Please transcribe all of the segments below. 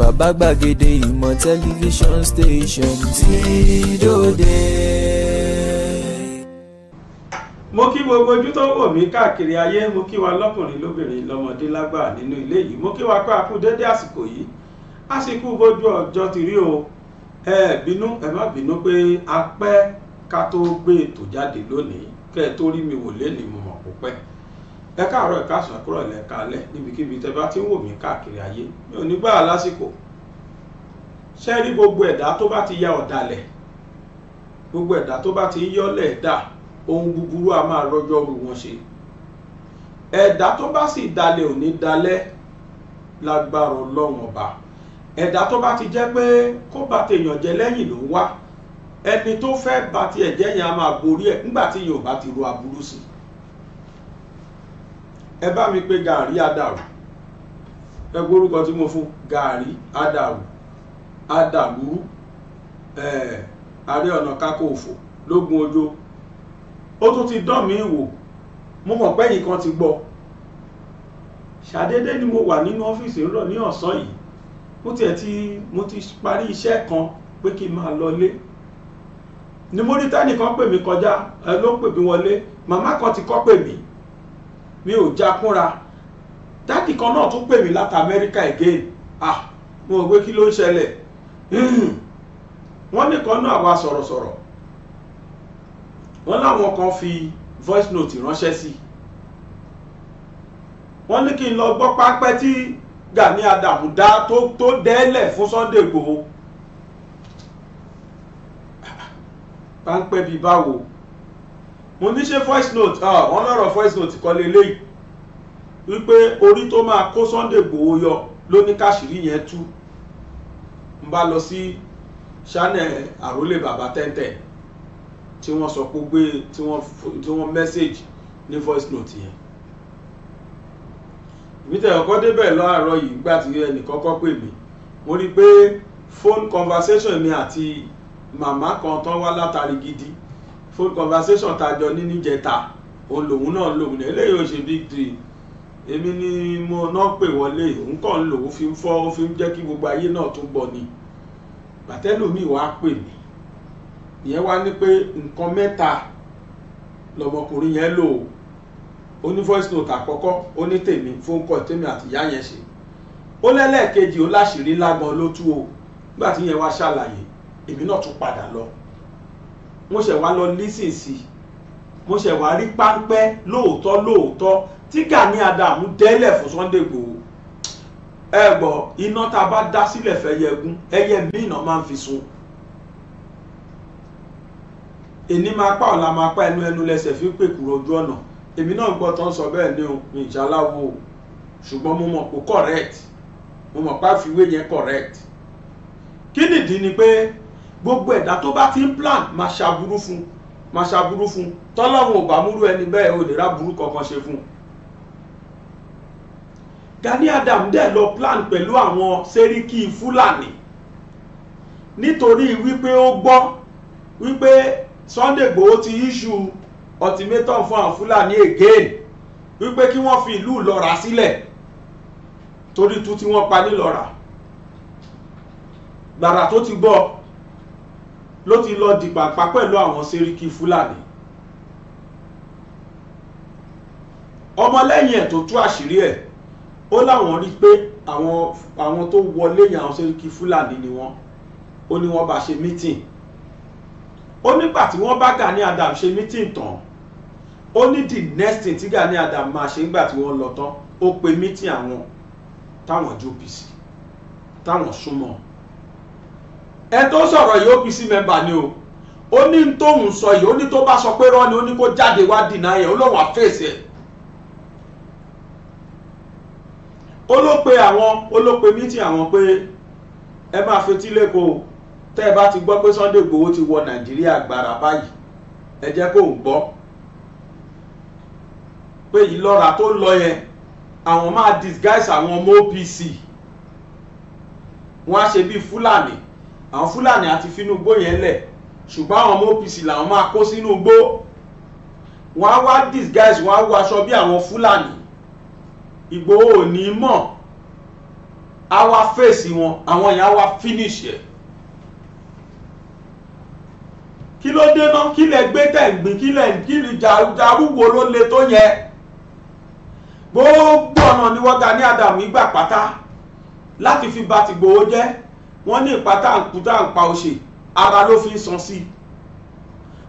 bàbá gbàgede ìmọ̀ tẹlifíṣọ̀n station ti dòde. mo kí gbogbo ojú tó wò mí káàkiri ayé mo kí wa lọ́kùnrin lóbìnrin lọ́mọdé lágbà nínú ilé yìí mo kí wa pé a dédé àsìkò yìí a sì ọjọ́ ti rí o ẹ bínú ẹ má bínú pé a pẹ́ ká tó gbé ètò jáde lónìí kẹ́ ẹ tó rí mi wò lé ní mo mọ̀ kó pẹ́ ẹ káàárọ̀ ẹ káàsán ẹ kúrọ̀ ilẹ̀ kalẹ̀ níbikíbi tẹ bá ti ń wò mí káàkiri ayé mi ò ní gbà á lásìkò ṣe rí gbogbo ẹ̀dá tó bá ti ya ọ̀dàlẹ̀ gbogbo ẹ̀dá tó bá ti yọ́lẹ̀ dà ohun búburú a máa rọjọ́ ru wọn ṣe ẹ̀dá tó bá sì dalẹ̀ ò ní dalẹ̀ lágbára ọlọ́run ọba ẹ̀dá tó bá ti jẹ́ pé kó bá tèèyàn jẹ lẹ́yìn ló ń wá ẹni tó fẹ́ bá tiẹ̀ jẹ́ a máa borí ẹ̀ nígbà tí yóò bá ti ro aburú sí i ẹ bá mi pé gàárì àdàrú ẹ gbórúkọ tí mo fún gàárì àdàrú àdàlúrú ààrẹ ọ̀nà kákó òfò lógun ọjọ́ ó tún ti dán mi wò mo mọ̀ pé ẹ̀yin kan ti gbọ́ ṣàdédé ni mo wà nínú ọ́fíìsì ńlọ ní ọ̀sán yìí mo tiẹ̀ ti mo ti parí iṣẹ́ kan pé kí n máa lọlé ni mo rí tẹ́nìkan pè mí kọjá ẹ ló pè mí wọlé màmá kan ti kọ́ pè mí mi ò jakúnra dáàdì kan náà tún pè mí láti Amẹ́ríkà again ah mo rò pé kí ló ń ṣẹlẹ̀ wọ́n nìkan náà wá sọ̀rọ̀sọ̀rọ̀ wọ́n láwọn kan fi voice note ránṣẹ́ sí wọ́n ní kí n lọ gbọ́ pápẹ́ tí Gani Adams dá tó dẹ́lẹ̀ fún Sunday Igboho páńpẹ́ bíi báwo mo ní ṣe voice note ah, wọ́n lọ́rọ̀ voice note kọ́lé eléyìí wípé orí tó máa kó Sunday Igboho yọ ló ní káṣírí yẹn tú n bá lọ sí channel àrólé bàbá tẹ́ntẹ́ tí wọ́n sọ pé gbé tí wọ́n message ní voice note yẹn ìmítẹ̀ ọkọ̀ débẹ̀ láàárọ̀ yìí nígbà tí ẹnì kọ́kọ́ pè mí mo rí i pé phone conversation mi àti màmá kan tán wá látàrí gidi phone conversation tajọ ní níjẹta òun lòun náà lòun náà eléyìí ò ṣe big three èmi ni mo náà pè wọlé òun kàn ń lò ó fi ń fọ́ ó fi ń jẹ́ kí gbogbo ayé náà tún gbọ́ ni bàtẹ́lómi wàá pè mí ìyẹn wá ní pé nǹkan mẹ́ta lọmọkùnrin yẹn lò ó ní voice note àkọ́kọ́ ó ní tèmi phone call tèmi àti ìyá yẹn ṣe ó lẹ́lẹ́ẹ̀kejì ó láṣìírí lágbọn ló tú o nígbà tí yẹn wá ṣàlàyé èmi náà tún padà lọ mo ṣẹ̀ wá lọ lísìn sí i mo ṣẹ̀ wá rí páńpẹ́ lóòótọ́ lóòótọ́ tí Gani Adams dẹ́lẹ̀ fún Sunday Igboho ẹ gbọ́ iná tá a bá dá sílẹ̀ fẹ́ yẹgun ẹyẹ míì náà máa ń fi sun èní máa pa ọ̀la máa pa ẹnu ẹnu lẹ́sẹ̀ fi pè kúrò ojú ọ̀nà èmi náà gbọ́ tán sọ bẹ́ẹ̀ ni o mi ìṣaláwo o ṣùgbọ́n mo mọ̀ pé correct mo mọ̀ pé àfiwé yẹn correct kí nìdí ni pé gbogbo ẹ̀dá tó bá ti ń plan máa ṣàbúrú fún máa ṣàbúrú fún tọ́lọ́run ò bá múrú ẹni bẹ́ẹ̀ ò lè rá burú kankan ṣe fún un Gani Adam dẹ̀ lọ plan pẹ̀lú àwọn sẹ́ríkì Fúlàní nítorí wípé ó gbọ́ wípé Sunday Igboho ti iṣu ultimatum fún àwọn Fúlàní again wípé kí wọ́n fi ìlú Ìlọ́ra sílẹ̀ torí tú tí wọ́n pa nílọ́ra gbàrà tó ti gbọ́ ló ti lọ dìpàpá pẹ̀lú àwọn sẹ́ríkì fúlàní ọmọlẹ́yìn ẹ̀ tó tú àṣírí ẹ̀ ó láwọn rí pé àwọn àwọn tó wọlé yẹn àwọn sẹ́ríkì fúlàní ni wọ́n ó ní wọ́n bá ṣe mítìn ó nígbà tí wọ́n bá Gani Adam ṣe mítìn tán ó ní the next thing tí Gani Adam máa ṣe nígbà tí wọ́n lọ tán ó pe mítìn àwọn táwọn jókòó sí táwọn súnmọ́ ọ ẹ tó sọ̀rọ̀ yìí OPC mẹ́mbà ni o ó ní tóun sọ yìí ó ní tó bá sọ pé rọ́ọ̀ni ó ní kó jáde wá dìnnà yẹn ó lóun àfẹ́sì ẹ̀ ó ló pe àwọn ó ló pe mítì àwọn pé ẹ máa fetí lẹ́kọ̀ọ́ tẹ́ ẹ bá ti gbọ́ pé Sunday Igboho ti wọ Nàìjíríà gbàrà báyìí ẹ jẹ́ kó ń gbọ́ pé yìí lọ́ra tó lọ yẹn àwọn máa disguise àwọn ọmọ OPC wọ́n á ṣe bíi Fúlàní àwọn fúlàní àti finú igbó yẹn lẹ̀ ṣùgbọ́n àwọn ọmọ OPC làwọn máa kó sínú igbó wọ́n á wá disguise wọ́n á wọ aṣọ bí àwọn fúlàní Ìgbòho ò ní mọ̀ á wá fèsì wọn àwọn yẹn á wá finish ẹ̀ kí ló dé náà kí lẹ gbé tẹ̀gbìn kí lẹ kí lè jarúwo ló le tó yẹ gbogbo ọ̀nà ni wọ́n Gani Adams gbà pátá láti fi bà tìgbòho jẹ́ wọ́n ní ipa tá à ń kú tá à ń pa ó ṣe ara ló fi ń san sí i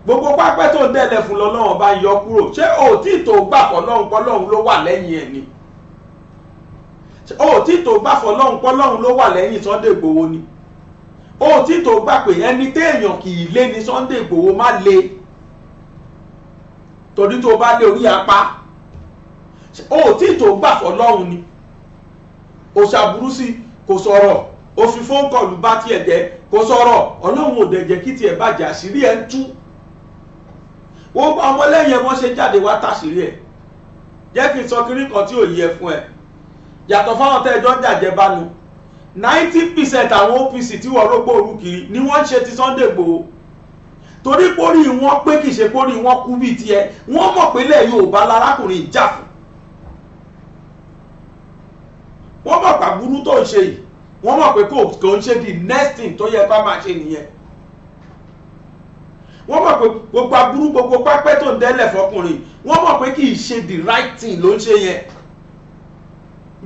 gbogbo pápẹ́ tó ń dẹ́lẹ̀ fún lọ́lọ́run bá ń yọ kúrò ṣé òtí tó gbà fọlọ́run pọ́lọ́run ló wà lẹ́yìn ẹ̀ ni òtí tó gbà fọlọ́run pọ́lọ́run ló wà lẹ́yìn Sunday Igboho ni òtí tó gbà pé ẹni téèyàn kì í lé ni Sunday Igboho má le torí tó bá lé orí apá òtí tó gbà fọlọ́run ni òṣàbùrú sí kò sọ̀rọ̀ ó fi fóun kọlù bá tiẹ̀ jẹ́ kó sọ̀rọ̀ ọlọ́run ò dẹ̀ jẹ́ kí tiẹ̀ bàjẹ́ àṣírí ẹ̀ ń tú gbogbo àwọn ọmọlẹ́yìn ẹ̀ wọ́n ṣe jáde wá tàṣírí ẹ̀ jẹ́ kí n sọ kiri kan tí ò yẹ fún ẹ yàtọ̀ fáwọn tẹ́jọ́ ń jàjẹ́ bánu ninety percent àwọn OPC tí wọ́n rógbó òru kiri ni wọ́n ń ṣe ti Sunday Igboho torí pórí wọn pé kì í ṣe pórí wọn kú bíi tiẹ̀ wọ́n mọ̀ pé lẹ́yìn Yorùbá lárákùnrin ìjà fún wọ́n mọ̀ pàbúrú tó ń ṣe yìí wọ́n mọ̀ pé kò ń ṣe the next thing tó yẹ ká máa ṣe nìyẹn wọ́n mọ̀ pé gbogbo aburú gbogbo pápẹ́ tó ń dẹ́lẹ̀ fọkùnrin wọ́n mọ̀ pé kì í ṣe the right thing ló ń ṣe yẹn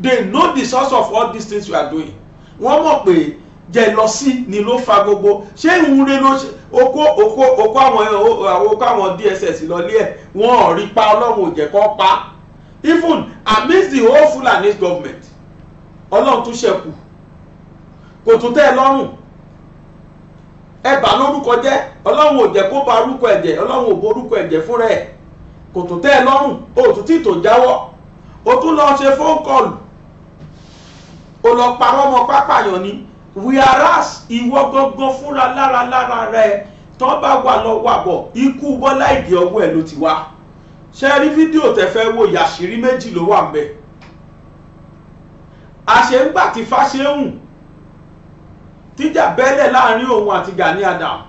they know the source of all these things you are doing wọ́n mọ̀ pé jẹlọsí ni ló fa gbogbo ṣé ìwúre ló ṣe okó okó okó àwọn okó àwọn DSS lọlé ẹ̀ wọ́n ò rí pa ọlọ́run ò jẹ́ kó pa even amidst the whole Fulani government ọlọ́run tún ṣẹ̀kù kò tún tẹ́ ẹ lọ́rùn ẹ bà lórúkọ jẹ́ ọlọ́run ò jẹ́ kó ba orúkọ ẹ̀jẹ̀ ọlọ́run ò borúkọ ẹ̀jẹ̀ fúnra ẹ̀ kò tún tẹ́ ẹ lọ́rùn o tún tí tò jáwọ́ o tún lọ ṣe phone call o lọ parọ́ ọmọ yàn ni whereas ìwọ gangan fúnra lára lára rẹ tó bá wà lọ wà bọ̀ ikú Bọ́lá Ìgè ọwọ́ ẹ̀ ló ti wá ṣe rí fídíò tẹ̀fẹ́ wo yàṣírí méjì ló wà ń bẹ̀ àṣẹ ń gbà tí fáṣẹ́hùn tíjà bẹ́lẹ̀ láàrin òun àti Gani Adam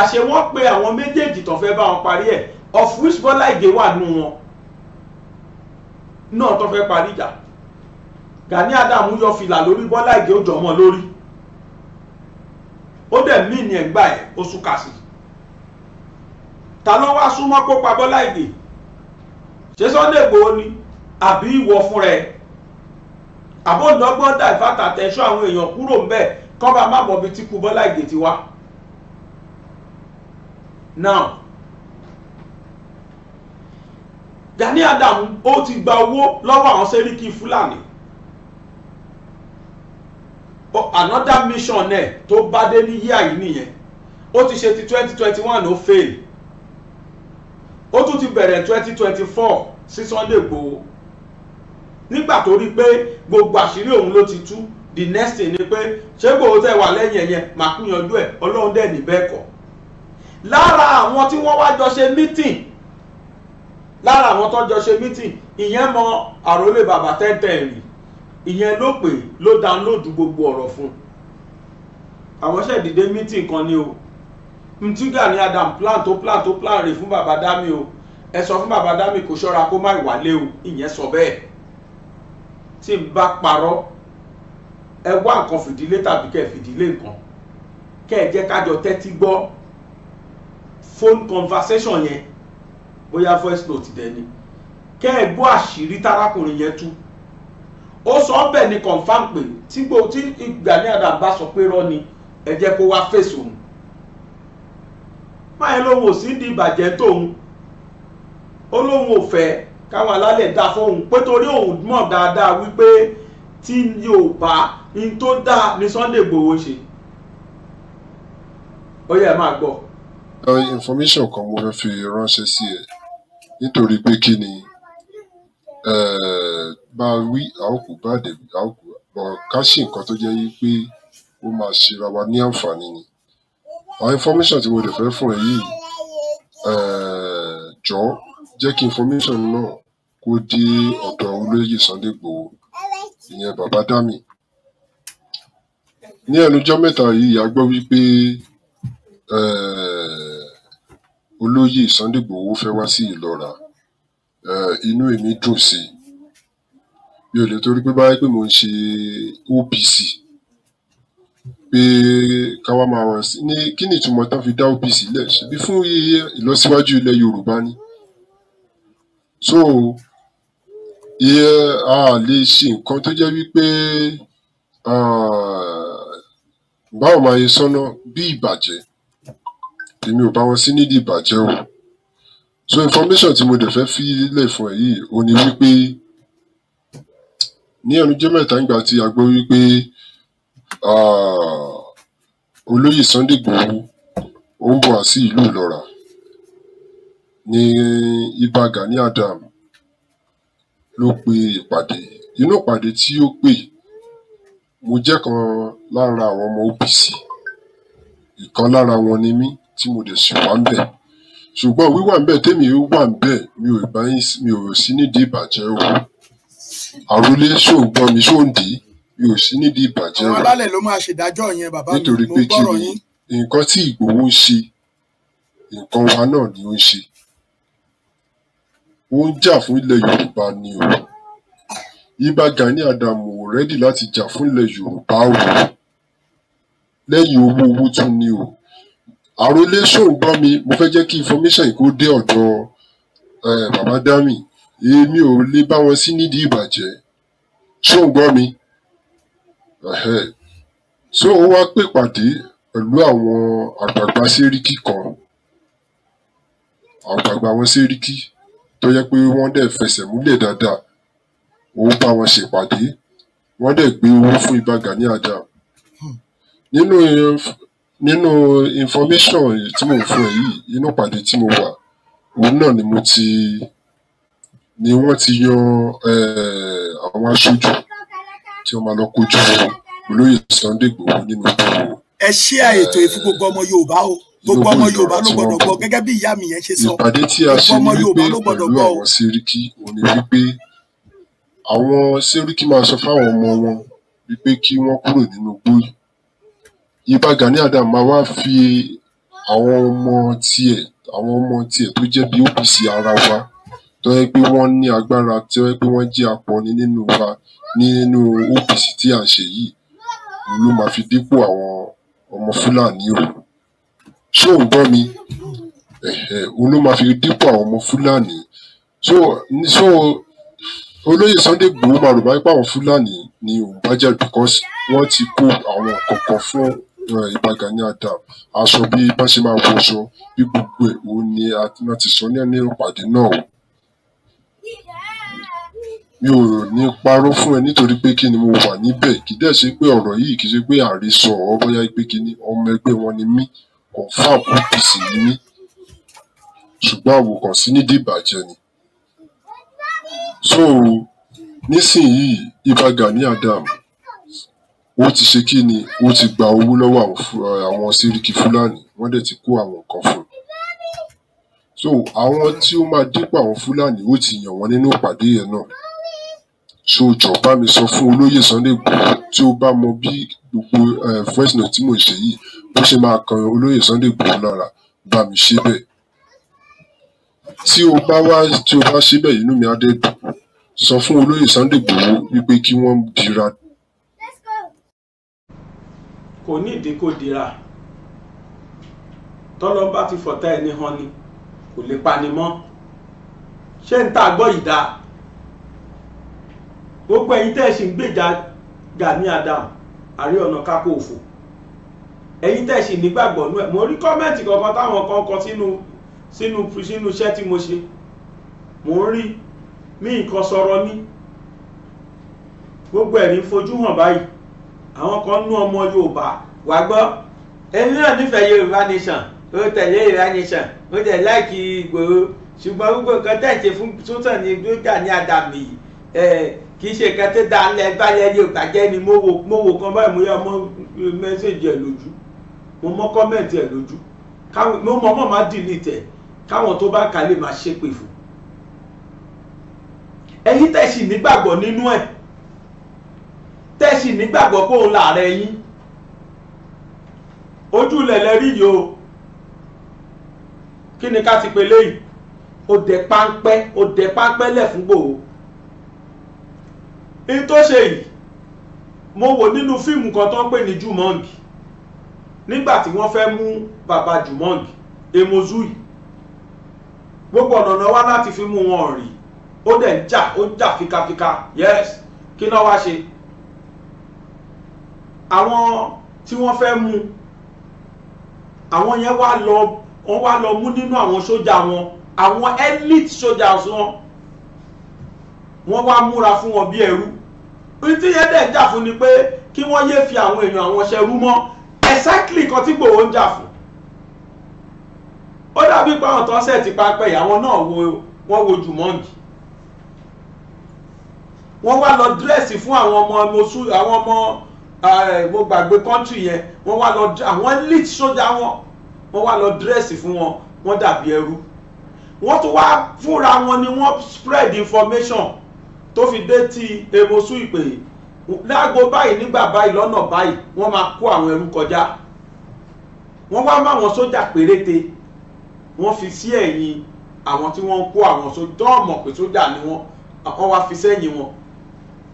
àṣẹ wọ́n pe àwọn méjèèjì tó fẹ́ bá wọn parí ẹ̀ of which Bọ́lá Ìgè wà nù wọn náà tó fẹ́ parí ìjà Gani Adam yọ fìlà lórí Bọ́lá Ìgè ó jọmọ lórí ó dẹ̀ mí ní ẹ̀gbá ẹ̀ ó súkà sí ta ló wá súnmọ́ kó pa Bọ́lá Ìgè ṣé Sunday Igboho ni àbí ìwọ fúnra ẹ̀ àbọ̀dọ́gbọ́n dàìfàtà tẹ̀sọ́ àwọn èèyàn kúrò ń bẹ́ẹ̀ kọ́ba má mọ̀ bí tí kú Bọ́lá Ìgè ti wá now Gani adam ó ti gba owó lọ́wọ́ àwọn sẹ́ríkì Fúlàní another mission ẹ̀ tó bá dé ní yíyà yìí nìyẹn ó ti ṣe ti twenty twenty one ó fail ó tún ti bẹ̀rẹ̀ twenty twenty four sí Sunday Igboho nígbà tó rí i pé gbogbo àṣírí òun ló ti tú the next thing ni pé ṣé gbòòrò tẹ wà lẹ́yìn ẹ̀yẹn màá kú yanjú ẹ̀ ọlọ́run dẹ̀ ní bẹ́ẹ̀ kọ́ lára àwọn tí wọ́n wá jọ ṣe meeting lára àwọn tó jọ ṣe meeting ìyẹn mọ àròlé bàbá tẹ́ntẹ́ rì ìyẹn ló pè ló download gbogbo ọ̀rọ̀ fún un àwọn ṣẹ̀ dìde meeting kan ni o ntuga ni Adam plan tó plan tó plan rè fún bàbá dami o ẹ sọ fún bàbá dami kò ṣọ́ra kó má wálé o ìyẹn sọ bẹ́ẹ̀ tí n bá parọ́ ẹ wá nǹkan fìdílé tàbí kẹ́ ẹ fìdílé nǹkan kẹ́ ẹ jẹ́ kájọ tẹ́tí gbọ́ phone conversation yẹn bóyá voice note dẹ̀ ni kẹ́ ẹ gbọ́ àṣírí tárákùnrin yẹn tú ó sọ ọ́ bẹ́ẹ̀ ni confam pé tí Gani Adams bá sọ pé rọ́ ni ẹ jẹ́ kó wá fèsì òun máa ń lóun ò sí di ìbàjẹ́ tóun ó lóun ò fẹ́ káwọn alálẹ̀ dá fóun pé torí òun mọ̀ dáadáa wípé tí Yorùbá n tó dáa ni Sunday Igboho ṣe ó yẹ máa gbọ́. information kan mo fẹ́ fi ránṣẹ́ sí ẹ nítorí pé kí ni bá a wí àókù bá a dẹ̀ àókù bọ̀ ká ṣe nǹkan tó jẹ́ pé ó máa ṣe ra wa ní àǹfààní ni àwọn information tí mo dẹ̀ fẹ́ fún ẹ yìí jọ jẹ́ kí information náà kó dé ọ̀dọ̀ olóyè Sunday Igboho ìyẹn bàbá dámì ní ẹnujọ́ mẹ́ta yìí a gbọ́ wípé eh, olóyè Sunday Igboho fẹ́ wá sí Ìlọ́ra eh, inú èmi dùn sí i mi ò lè torí pé báyìí pé mo ń ṣe OPC pé káwa máa wá sí ní kí ni ìtumọ̀ tán fi dá OPC lẹ̀ ṣebí fún iye ìlọsíwájú ilẹ̀ Yorùbá ni so a lè ṣe nǹkan tó jẹ́ wípé báwo máa yẹ sọ́nà bí ìbàjẹ́ èmi ò bá wọn sí nídìí ìbàjẹ́ o so information tí mo dẹ̀ fẹ́ fi lè fún ẹ yìí ò ní wípé ní ẹnujọ́ mẹ́ta nígbà tí a gbọ́ wípé olóyè Sunday Igboho ó ń bọ̀ wá sí ìlú Ìlọra ní Ìbà Gani Adams ló pe ìpàdé nínú ìpàdé tí ó pè mo jẹ́ kan lára àwọn ọmọ OPC ìkan lára wọn ni mí tí mo dẹ̀ sì wà ń bẹ̀ ṣùgbọ́n wíwà ń bẹ̀ tèmi wà ń bẹ̀ mi ò bá mi ò sí nídìí ìbàjẹ́ o àròlé ṣòǹgbọ́n mi ṣòǹdí mi ò sí nídìí ìbàjẹ́ o nítorí pé kí ni nǹkan tí Ìgbòho ń ṣe nǹkan wa náà ni ó ń ṣe ó ń jà fún ilẹ̀ yorùbá ni o Ìbà Gani adamu ò rẹ́dì láti jà fún ilẹ̀ yorùbá o lẹ́yìn owó owó tún ni o àròlé ṣòun bá mi mo fẹ́ jẹ́ kí information yìí kó dé ọ̀dọ̀ bàbá dami èmi ò lè bá wọn sí nídìí ìbàjẹ́ ṣòun gbọ́ mi so ó wá pè pàdé pẹ̀lú àwọn àgbààgbà sẹ́ríkì kan àgbààgbà wọn sẹ́ríkì tó jẹ́ pé wọ́n dẹ̀ fẹsẹ̀ múlẹ̀ dáadáa ó bá wọn ṣèpàdé wọ́n dẹ̀ gbé owó fún Ìbà Gani Adams hmm. nínú nínú information tí mò ń fún ẹ yìí inú ìpàdé tí mo wà òun náà ni mo ti ni wọ́n ti yan àwọn aṣojú tí wọ́n máa lọ kojú olóyè Sunday Igboho nínú ìgbòho. ẹ ṣí àyètò ìfún Yorùbá o gbogbo ọmọ Yorùbá ló gbọ́dọ̀ gbọ́ gẹ́gẹ́ bí ìyá mi yẹn ṣe sọ ìpàdé tí a ṣe ní wípé pẹ̀lú àwọn sẹ́ríkì òun ni wípé àwọn sẹ́ríkì máa sọ fáwọn ọmọ wọn wípé kí wọ́n kúrò nínú igbó yìí Ìbà Gani Adams máa wá fi àwọn ọmọ tiẹ̀ àwọn ọmọ tiẹ̀ tó jẹ́ bí OPC ara wa tó yẹ pé wọ́n ní agbára tó pé wọ́n jẹ́ akọni nínú wa nínú OPC tí à ń ṣe yìí ló máa fi dípò àwọn ọmọ Fúlàní o. So, ò ń gbọ́ mi òun ló máa fi dípò àwọn ọmọ fúlàní so so olóyè Sunday Igboho máa rò báyìí pé àwọn fúlàní ni òun bá jà because wọ́n ti kó àwọn kọ̀ọ̀kan fún eh, Ìbà Gani Adams aṣọ bí bá ṣe máa wọṣọ bí gbogbo ẹ̀ òun ni a ti sọ ní ẹni ìpàdé náà o mi ò ní parọ́ fún ẹ nítorí pé kí ni mo wà níbẹ̀ kì í dẹ̀ ṣe pé ọ̀rọ̀ yìí kì í ṣe pé àrísọ ọ bóyá pé kí ni ọmọ ẹgbẹ́ wọn ni mí confam apc ni mí ṣùgbọ́n àwòkànṣí nídìí ìbàjẹ́ ni so nísìnyí Ìbà Gani Adams ó ti ṣe kí ni ó ti gba owó lọ́wọ́ àwọn Sẹ́ríkì Fúlàní wọ́n dẹ̀ ti kó àwọn nǹkan fún un so àwọn tí ó máa dípò àwọn Fúlàní ó ti yàn wọ́n nínú ìpàdé yẹn náà so jọ̀ọ́ bá mi sọ fún olóyè Sunday Igboho tí ó bá mọ bí gbogbo um voice note tí mò ń ṣe yìí bó ṣe máa kan olóyè Sunday Igboho lára bá mi ṣe bẹ́ẹ̀ tí o bá wá tí o bá ṣe bẹ́ẹ̀ inú mi á dé dùn sọ fún olóyè Sunday Igboho wípé kí wọ́n dira. kò ní ìdí kó dira tọ́lọ́ bá ti fọ̀tá ẹni hàn ni kò lè pani mọ́ ṣé ń tà gbọ́ ìdá gbogbo ẹ̀yin tẹ́ ẹ sì ń gbèjà Gani Adam àrí ọ̀nà kákó òfò ẹ̀yin tẹ̀sí nígbàgbọ́ nú ẹ̀ mo rí kọ́mẹ́ǹtì kankan táwọn kan kọ sínú sínú sínú iṣẹ́ tí mo ṣe mo ń rí mí nǹkan sọ̀rọ̀ ní gbogbo ẹ̀ ní fojú hàn báyìí àwọn kan nú ọmọ Yorùbá wà gbọ́ ẹni náà nífẹ̀ẹ́ Yorùbá nation ó tẹ̀lé Yorùbá nation ó tẹ̀ láìkí Ìgbòho ṣùgbọ́n gbogbo nǹkan tẹ̀sí fún Sultan ní gbígbà ní àdàmì yìí kì í ṣe nǹkan tó dáa lẹ báyẹn yóò bàjẹ́ ni mo wo mo wo kan báyìí mo yá mọ́ mẹ́sẹ̀jì ẹ̀ lójú mo mọ́ kọ́mẹ̀ntì ẹ̀ lójú káwọn mo mọ̀ mọ̀ máa dìlítẹ̀ káwọn tó bá kà lè máa ṣépè fún ẹ̀yin tẹ̀sí nígbàgbọ́ nínú ẹ̀ tẹ̀sí nígbàgbọ́ pé òun làárẹ̀ yín ojú lẹ̀lẹ̀ rí yìí o kí ni ká ti pè léyìí ó dẹ páńpẹ́ ó dẹ páńpẹ́ lẹ̀ fún gbòó in tó ṣe yìí mo wò nínú fíìmù kan tó ń pè ní Jumongi nígbà tí wọ́n fẹ́ mú bàbá Jumongi Emozui gbogbo ọ̀nà wá láti fi mú wọn rí ó dẹ̀ ń jà ó ń jà fikafika yes kí náà wá ṣe àwọn tí wọ́n fẹ́ mú àwọn yẹn wá lọ wọ́n wá lọ mú nínú àwọn sójà wọn àwọn elite sójà wọn wọ́n wá múra fún wọn bí ẹrú ntí yẹn dẹ̀ jà fún ni pé kí wọ́n yéé fi àwọn èèyàn àwọn ṣẹrú mọ́ exactly kan tí Ìgbòho ń jà fún ó dàbí pé àwọn tó ń sẹ̀ ti pápẹ́ yìí àwọn náà wọ́n wo Jùmọ̀ǹgì wọ́n wá lọ dírẹ́sì fún àwọn ọmọ àwọn ọmọ eh, mo gbàgbé kọ́ńtì yẹn wọ́n wá lọ àwọn elite sójà wọn wọ́n wá lọ dírẹ́sì fún wọn wọ́n dàbí ẹrú wọ́n tún wá fúnra wọn ni wọ́n spread information tó fi dé ti èmosú ìpè láago báyìí nígbà báyìí lọ́nà báyìí wọ́n máa kó àwọn ẹrú kọjá wọ́n wá máwọn sójà péréte wọ́n fi sí ẹ̀yìn àwọn tí wọ́n ń kó àwọn sójà ọmọ pé sójà ni wọ́n wọ́n wá fi sẹ́yìn wọn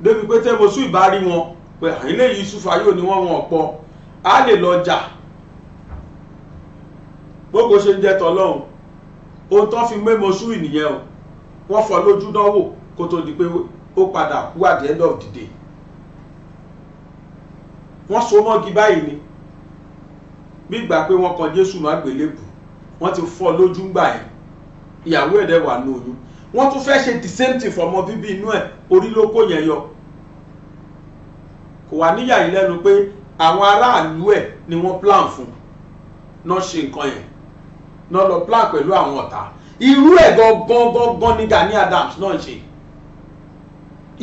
débi pé tẹ́mọ̀sù ìbárí wọn pé àyín léyìí Yúsúfù ayò ni wọ́n wọn ọ̀pọ̀ á lè lọ jà gbogbo ṣe ń jẹ́ tọ́lọ́hún ohun tó fi mẹ́mọ̀sù ìnìyẹn o wọ́n fọ́ lójú náà wò kó tó di pé ó padà kú at the end of the day wọ́n so mọ́gi báyìí ni bí ìgbà pé wọ́n kọ Jésù má gbélébù wọ́n ti fọ́ lójú ńgbà yẹn ìyàwó ẹ̀dẹ̀ wà ní oyún wọ́n tún fẹ́ ṣe the same thing fọmọ bíbí inú ẹ̀ orí ló kó yẹn yọ kò wá níyà yìí lẹ́nu pé àwọn aráàlú ẹ̀ ni wọ́n plan fún náà ṣe nǹkan yẹn náà lọ plan pẹ̀lú àwọn ọ̀tá irú ẹ̀ gangan gangan ni Gani Adams náà ṣe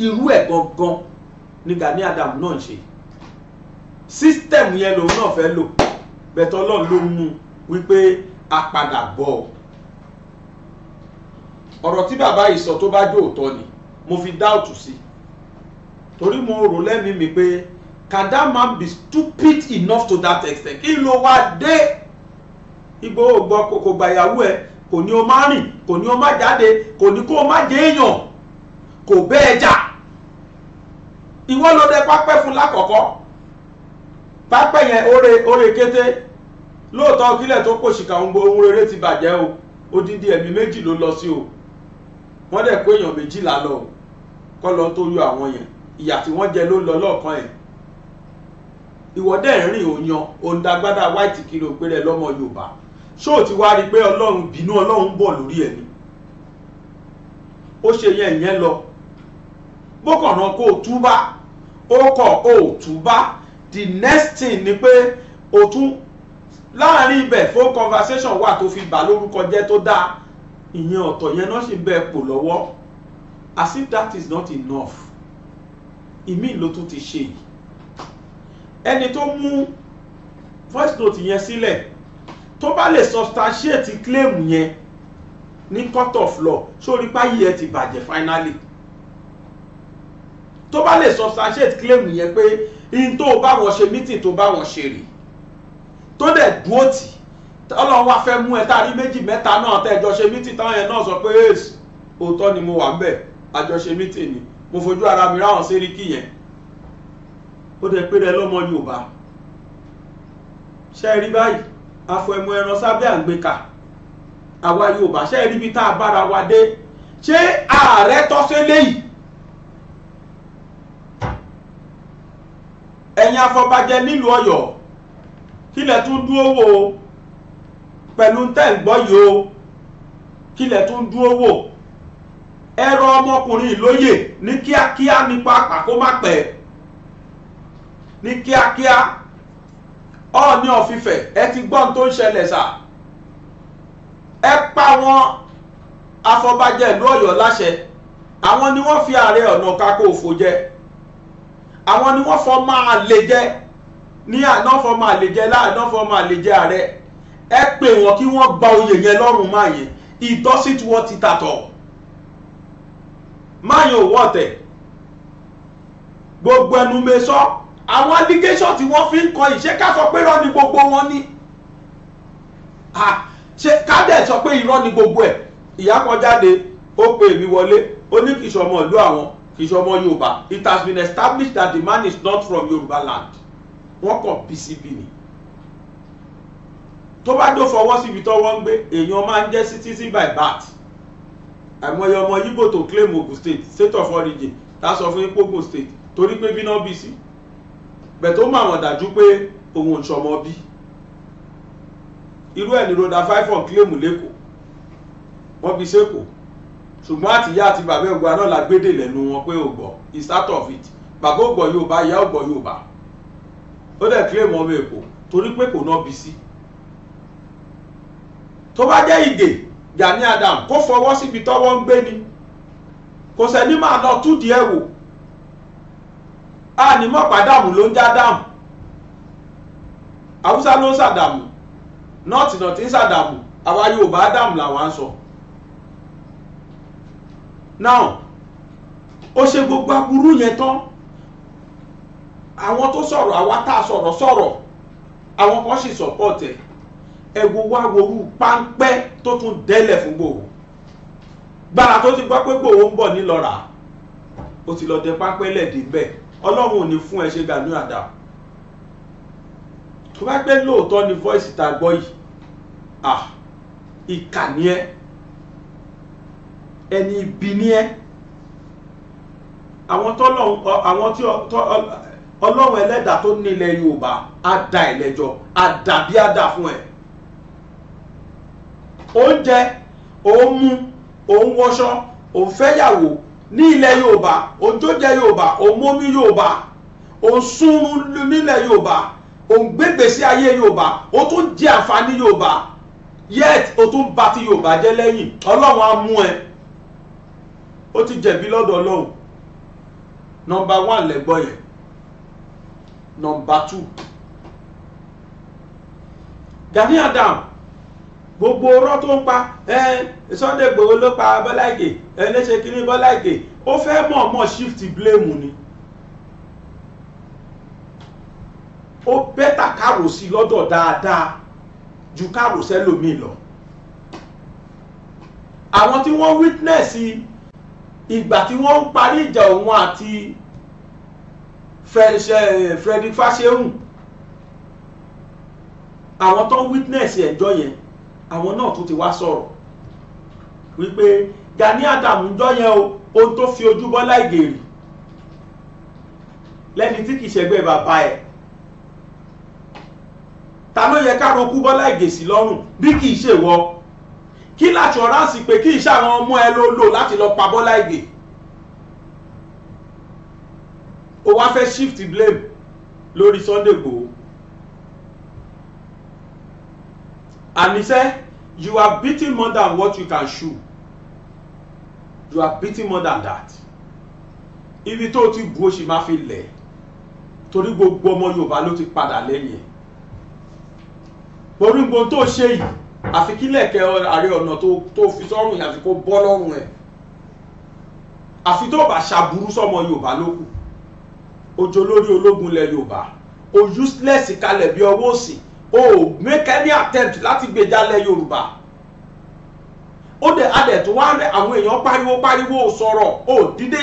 irú ẹ̀ gangan ni Gani adam náà ń ṣe system yẹn lòun náà fẹ́ lò bẹ̀tọ̀ ọlọ́run ló mú wípé a padà bọ̀ ọ̀rọ̀ tí bàbá yìí sọ tó bá jó òótọ́ ni mo fi dáòtù sí torí mo rò lẹ́mìí mi pé can that man be stupid enough to that extent kí ló wá dé Ìgbòho gbọ́ kòkò gbàyàwó ẹ̀ kò ní o má rìn kò ní o má jáde kò ní kó o má jẹ́ èèyàn kò bẹ́ẹ̀ jà ìwọ ló dẹ pápẹ́ fún lákọ̀ọ́kọ́ pápẹ́ yẹn óre óre kété lóòótọ́ kílẹ̀ tó pòṣìkà ń gbó ohun rere ti bàjẹ́ o odindi ẹ̀mí méjì ló lọ sí o wọ́n dẹ̀ kó èèyàn méjìlá lọ o kọ́ lọ tó yọ àwọn yẹn ìyà tí wọ́n jẹ ló lọ lọ́ọ̀kan yẹn ìwọ dẹ̀ rìn òyan òǹdàgbádà white kiri òpèrè lọ́mọ Yorùbá ṣó o ti wá rí i pé Ọlọ́run bínú Ọlọ́run bọ̀ lórí ẹ̀mí ó ṣe yẹn ìyẹn lọ bókànnà kó o túbá ó kọ̀ ó túbá the next thing ni pé o tún láàrin ibẹ̀ fún conversation wà tó fi bà lórúkọ jẹ́ tó dáa ìyẹn ọ̀tọ̀ yẹn náà sì bẹ́ẹ̀ pò lọ́wọ́ as if that is not enough ìmí ló tún ti ṣe yìí ẹni tó mú voice note yẹn sílẹ̀ tó bá lè substantiate claim yẹn ní court of law sórí páyì ẹ ti bàjẹ́ finally tó bá lè substantiate claim yẹn pé in tó bá wọn ṣe meeting tó bá wọn ṣe rè tó dẹ̀ dúró tì ọlọ́run wá fẹ́ mú ẹ táàrí méjì mẹ́ta náà tẹ́jọ ṣe meeting táwọn yẹn náà sọ pé èsì òótọ́ ni mo wà ń bẹ̀ àjọṣe meeting ni mo fojú ara mi ráhùn séríkì yẹn ó dẹ̀ pé rẹ lọ́mọ Yorùbá ṣe rí báyìí àfọ̀ẹ̀mọ ẹran sábẹ́ àgbékà àwa Yorùbá ṣe rí bí tá a bára wa dé ṣé ààrẹ tọ́sẹ́ léyìí ẹ̀yin afọbajẹ nílùú ọ̀yọ́ kílẹ̀ tún dúró wò ó pẹ̀lú tẹ́ ń gbọ́ yìí o kílẹ̀ tún dúró wò ẹ̀rọ ọmọkùnrin ìlóyè ní kíákíá nípa àpàkó má pẹ́ ní kíákíá ọ̀ọ́ni ọ̀fìfẹ́ ẹ ti gbọ́n tó ń ṣẹlẹ̀ sà ẹ pa wọn afọbajẹ ìlú ọ̀yọ́ láṣẹ àwọn ni wọ́n fi ààrẹ ọ̀nà kakanfò jẹ àwọn ni wọ́n fọ́ máa lè jẹ́ ní àná fọ́ máa lè jẹ́ láàná fọ́ máa lè jẹ́ ààrẹ ẹ pè wọ́n kí wọ́n gba oyè yẹn lọ́rùn máa yẹn ìtọ́sítúwọ́ ti tàtọ̀ máa yẹn òwò ọ̀tẹ̀ gbogbo ẹnu mẹ́sọ́ àwọn allegation tí wọ́n fi ń kọ ìṣe ká sọ pé irọ́ ni gbogbo wọn ní ṣe ká dẹ̀ sọ pé irọ́ ni gbogbo ẹ̀ ìyá kan jáde ó pe èmi wọlé ó ní kìsọ̀mọ̀ ìlú àwọn kì í ṣọmọ it has been established that the man is not from Yoruba land wọ́n kàn pcb ni tó bá dó fọwọ́ síbi tó wọ́n ń gbé èèyàn máa ń jẹ́ citizen by birth àìmọye ọmọ yíbò tó claim ogun state state of origin tá a sọ fún yípo ogun state torí pé bíná bí sí bẹ̀tẹ̀ ó máa wọ̀n dájú pé òun ò ṣọmọ bí irú ẹ̀ ní roda five on claim lẹ́kọ̀ọ́ wọ́n fi ṣẹ́kọ̀ọ́ ṣùgbọ́n àtìyá àti bàbá ògbà náà la gbédè lẹ́nu wọn pé ògbọ̀ is out of it bàbá ògbọ̀ Yorùbá ìyá ògbọ̀ Yorùbá ó dẹ̀ kílè mọ́ ọmọ èkó torí pé kò náà bí sí. tó bá jẹ́ ìgè Gani Adam kó fọwọ́ síbi tọ́wọ́ ń gbé ni kò sẹ́ni máa lọ túdìí ẹ̀ wò a ní mọ̀pá dàmù ló ń já dàmù Haúsá ló ń ṣàdàmù nọ́ọ̀tì nọ̀tì ń ṣàdàmù àwa Yorùbá dàmù làwa ń sọ. So now ó ṣe gbogbo aburú yẹn tán àwọn tó sọ̀rọ̀ àwa tá a sọ̀rọ̀ sọ̀rọ̀ àwọn kan sì support ẹ̀ ẹ wo wá worú páńpẹ́ tó tún dẹ́lẹ̀ fún gbòòwò gbàrà tó ti gbọ́ pé gbòòwò ń bọ̀ nílọ́ra ó ti lọ dẹ páńpẹ́ lẹ́ẹ̀dì bẹ́ẹ̀ ọlọ́run ò ní fún ẹ ṣe ganu àdá tó bá pẹ́ lóòótọ́ ni voice ta gbọ́ yìí ah ìkà ni ẹ́ ẹni ibi ní ẹ àwọn tọ́lọ́hún àwọn tí ọlọ́run ẹlẹ́dà tó nílẹ̀ yorùbá á da ẹlẹ́jọ́ á dà bí á dà fún ẹ oúnjẹ òun mú òun wọṣọ òun fẹ́yàwó ní ilẹ̀ yorùbá òun jójẹ yorùbá òun mómi yorùbá òun súnrun nílẹ̀ yorùbá òun gbégbèsè ayé yorùbá ó tún jẹ àǹfààní yorùbá yet ó tún bà ti yorùbá jẹ́ lẹ́yìn ọlọ́run á mú ẹ ó ti jẹ̀bi lọ́dọ̀ ọlọ́run nọmba one lẹ́gbọ́ yẹn nọmba two Gani Adam gbogbo ọ̀rọ̀ tó ń pa Sunday Igboho ló pa Bọ́lá Ìgè ẹlẹ́sẹ̀ kínní Bọ́lá Ìgè ó fẹ́ mọ̀ọ́mọ̀ shift blame ni ó bẹ́tà kárò sí lọ́dọ̀ dáadáa ju kárò sẹ́lòmíì lọ àwọn tí wọ́n witness ìgbà tí wọ́n ń parí ìjà òun àti Frederick Fáṣẹ̀hùn àwọn tó witness ẹjọ́ yẹn àwọn náà tún ti wá sọ̀rọ̀ wípé Gani Adams jọ yẹn o ohun tó fi ojú bọ́ láì gèrè lẹ́ni tí kìí ṣẹgbẹ́ bàbá ẹ̀ ta ló yẹ ká ro bọ́ láì gèsì lọ́rùn bí kìí ṣèwọ kí láti ọ̀ránsì pé kí iṣẹ́ àwọn ọmọ ẹ ló lò láti lọ pa Bọ́lá Ìgè o wá fẹ́ shift blame lórí Sunday Igboho and he said you are beating more than what you can show. you are beating more than that ibi tó o ti bu o sì máa fi lẹ̀ torí gbogbo ọmọ Yorùbá ló ti padà lẹ́yìn ẹ̀ orí gbogbo tó o ṣe yìí àfi kílẹ̀ kẹ ààrẹ ọ̀nà tó fi sọ́rùn yẹn àfi kó bọ́ lọ́rùn ẹ̀ àfi tó bá ṣàbùrú sọmọ Yorùbá ló kù ojo lórí ológun ilẹ̀ Yorùbá o useless kalẹ̀ bí ọwọ́ òsì o make any attempt láti gbèjà ilẹ̀ Yorùbá ó dẹ̀ adẹ̀ tó wá rẹ̀ àwọn èèyàn pariwo pariwo sọ̀rọ̀ o dìde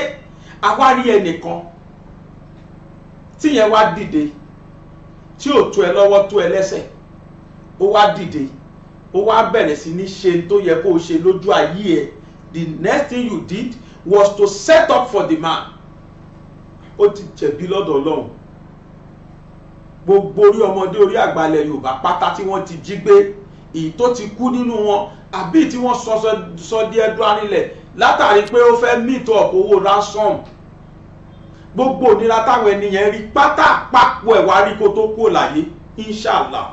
àwárí ẹnìkan tíyẹn wá dìde tí ò tó ẹ lọ́wọ́ tó ẹ lẹ́sẹ̀ ó wá dìde ó wá bẹ̀rẹ̀ sí ní ṣe tó yẹ kó o ṣe lójú ayé ẹ the next thing you did was to set up for the man ó ti jẹ̀bi lọ́dọ̀ ọlọ́run gbogbo orí ọmọdé orí àgbàlẹ̀ yorùbá pátá tí wọ́n ti jí gbé èyí tó ti kú nínú wọn àbí tí wọ́n sọ di ẹdún arinlẹ̀ látàrí pé ó fẹ́ meet up owó ransom gbogbo ònira táwọn ẹni yẹn rí pátá àpapọ̀ ẹ̀ wá rí kó tó kú láyé inshallah.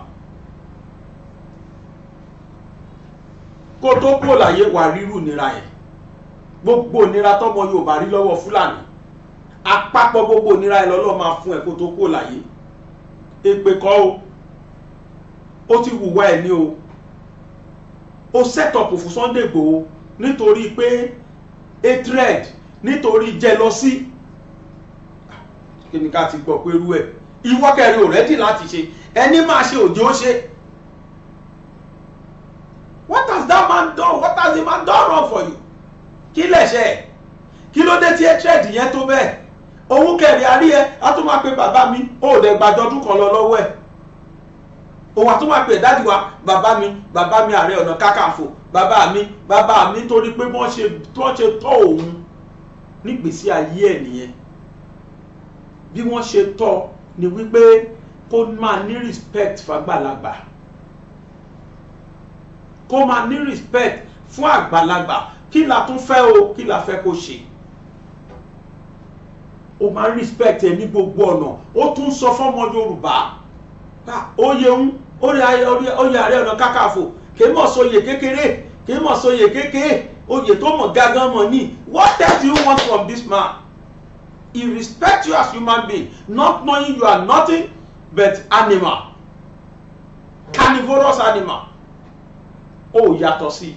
kó tó kúrò láyé wà rírù nira yẹn gbogbo nira tọmọ Yorùbá rí lọ́wọ́ Fúlàní àpapọ̀ gbogbo nira yẹn lọ́lọ́ máa fún ẹ kó tó kúrò láyé èpè kọ́ o ó ti wùwá ẹ̀ ní o ó sẹ́tọ̀pù fún Sunday Igboho nítorí pé hatred nítorí jealousy kí ni ká ti gbọ́ pé irú ẹ̀ ìwọ́kẹ̀rẹ̀ ò rẹ́dì láti ṣe ẹni máa ṣe òjò ṣe what has that man done what has the man done wrong for you kí lẹ̀ṣẹ̀ kí ló dé tí ẹ trend yẹn tó bẹ́ẹ̀ owó kẹrin àrí ẹ á tún máa pe bàbá mi ó dẹ̀ gbàjọ́dún kan lọ lọ́wọ́ ẹ̀ òun á tún máa pe dáàdì wa bàbá mi bàbá mi ààrẹ ọ̀nà kákàfò bàbá mi bàbá mi torí pé wọ́n ṣe tó ṣe tọ́ òun nígbésí ayé ẹ̀ nìyẹn bí wọ́n ṣe tọ́ ni wípé kó máa ní respect fàgbàlagbà kó máa ní respect fún àgbàlagbà kí la tún fẹ́ o kí la fẹ́ kó ṣe o máa ń respect ẹ ní gbogbo ọ̀nà ó tún sọ fọ́mọ Yorùbá ó yeun oyè Ààrẹ Ọ̀nà Kakanfò kì í mọ̀ sóyè kékeré kì í mọ̀ sóyè kékeré oyè tó mọ̀ gángan mọ̀ ní what else you want from this man he respect you as human being not knowing you are nothing but animal carnivorous animal ó yàtọ̀ sí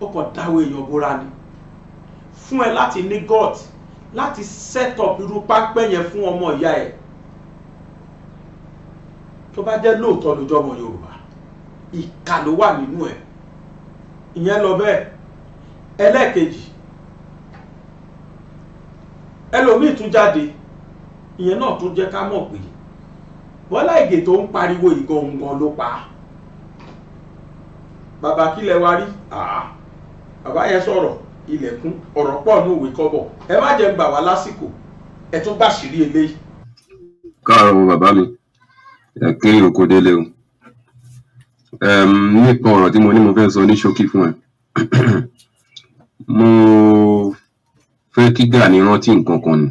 i ó kàn dáwọ́ èèyàn bóra ni fún ẹ láti ní god láti set up irú pápẹ́ yẹn fún ọmọ ìyá ẹ tó bá jẹ́ lóòótọ́ lójọ́ ọmọ yorùbá ìkà ló wà nínú ẹ̀ ìyẹn lọ bẹ́ẹ̀ ẹlẹ́ẹ̀kejì ẹlòmíì tún jáde ìyẹn náà tún jẹ́ ká mọ̀ pé Bọ́lá Ìgè tó ń pariwo ìgò ǹgàn ló pa á bàbá kílẹ̀ wá rí bàbá yẹn sọ̀rọ̀ ilẹ̀kùn ọ̀rọ̀ pọ̀ ní òwe kọ́bọ̀ ẹ má jẹ́ gbà wá lásìkò ẹ tún gbàṣírí eléyìí. káàárọ̀ mo bàbá mi ẹ kí oko délé o nípa ọ̀rọ̀ tí mo ní mo fẹ́ sọ ní ṣókí fún ẹ mo fẹ́ kí Gani rántí nǹkan kan ni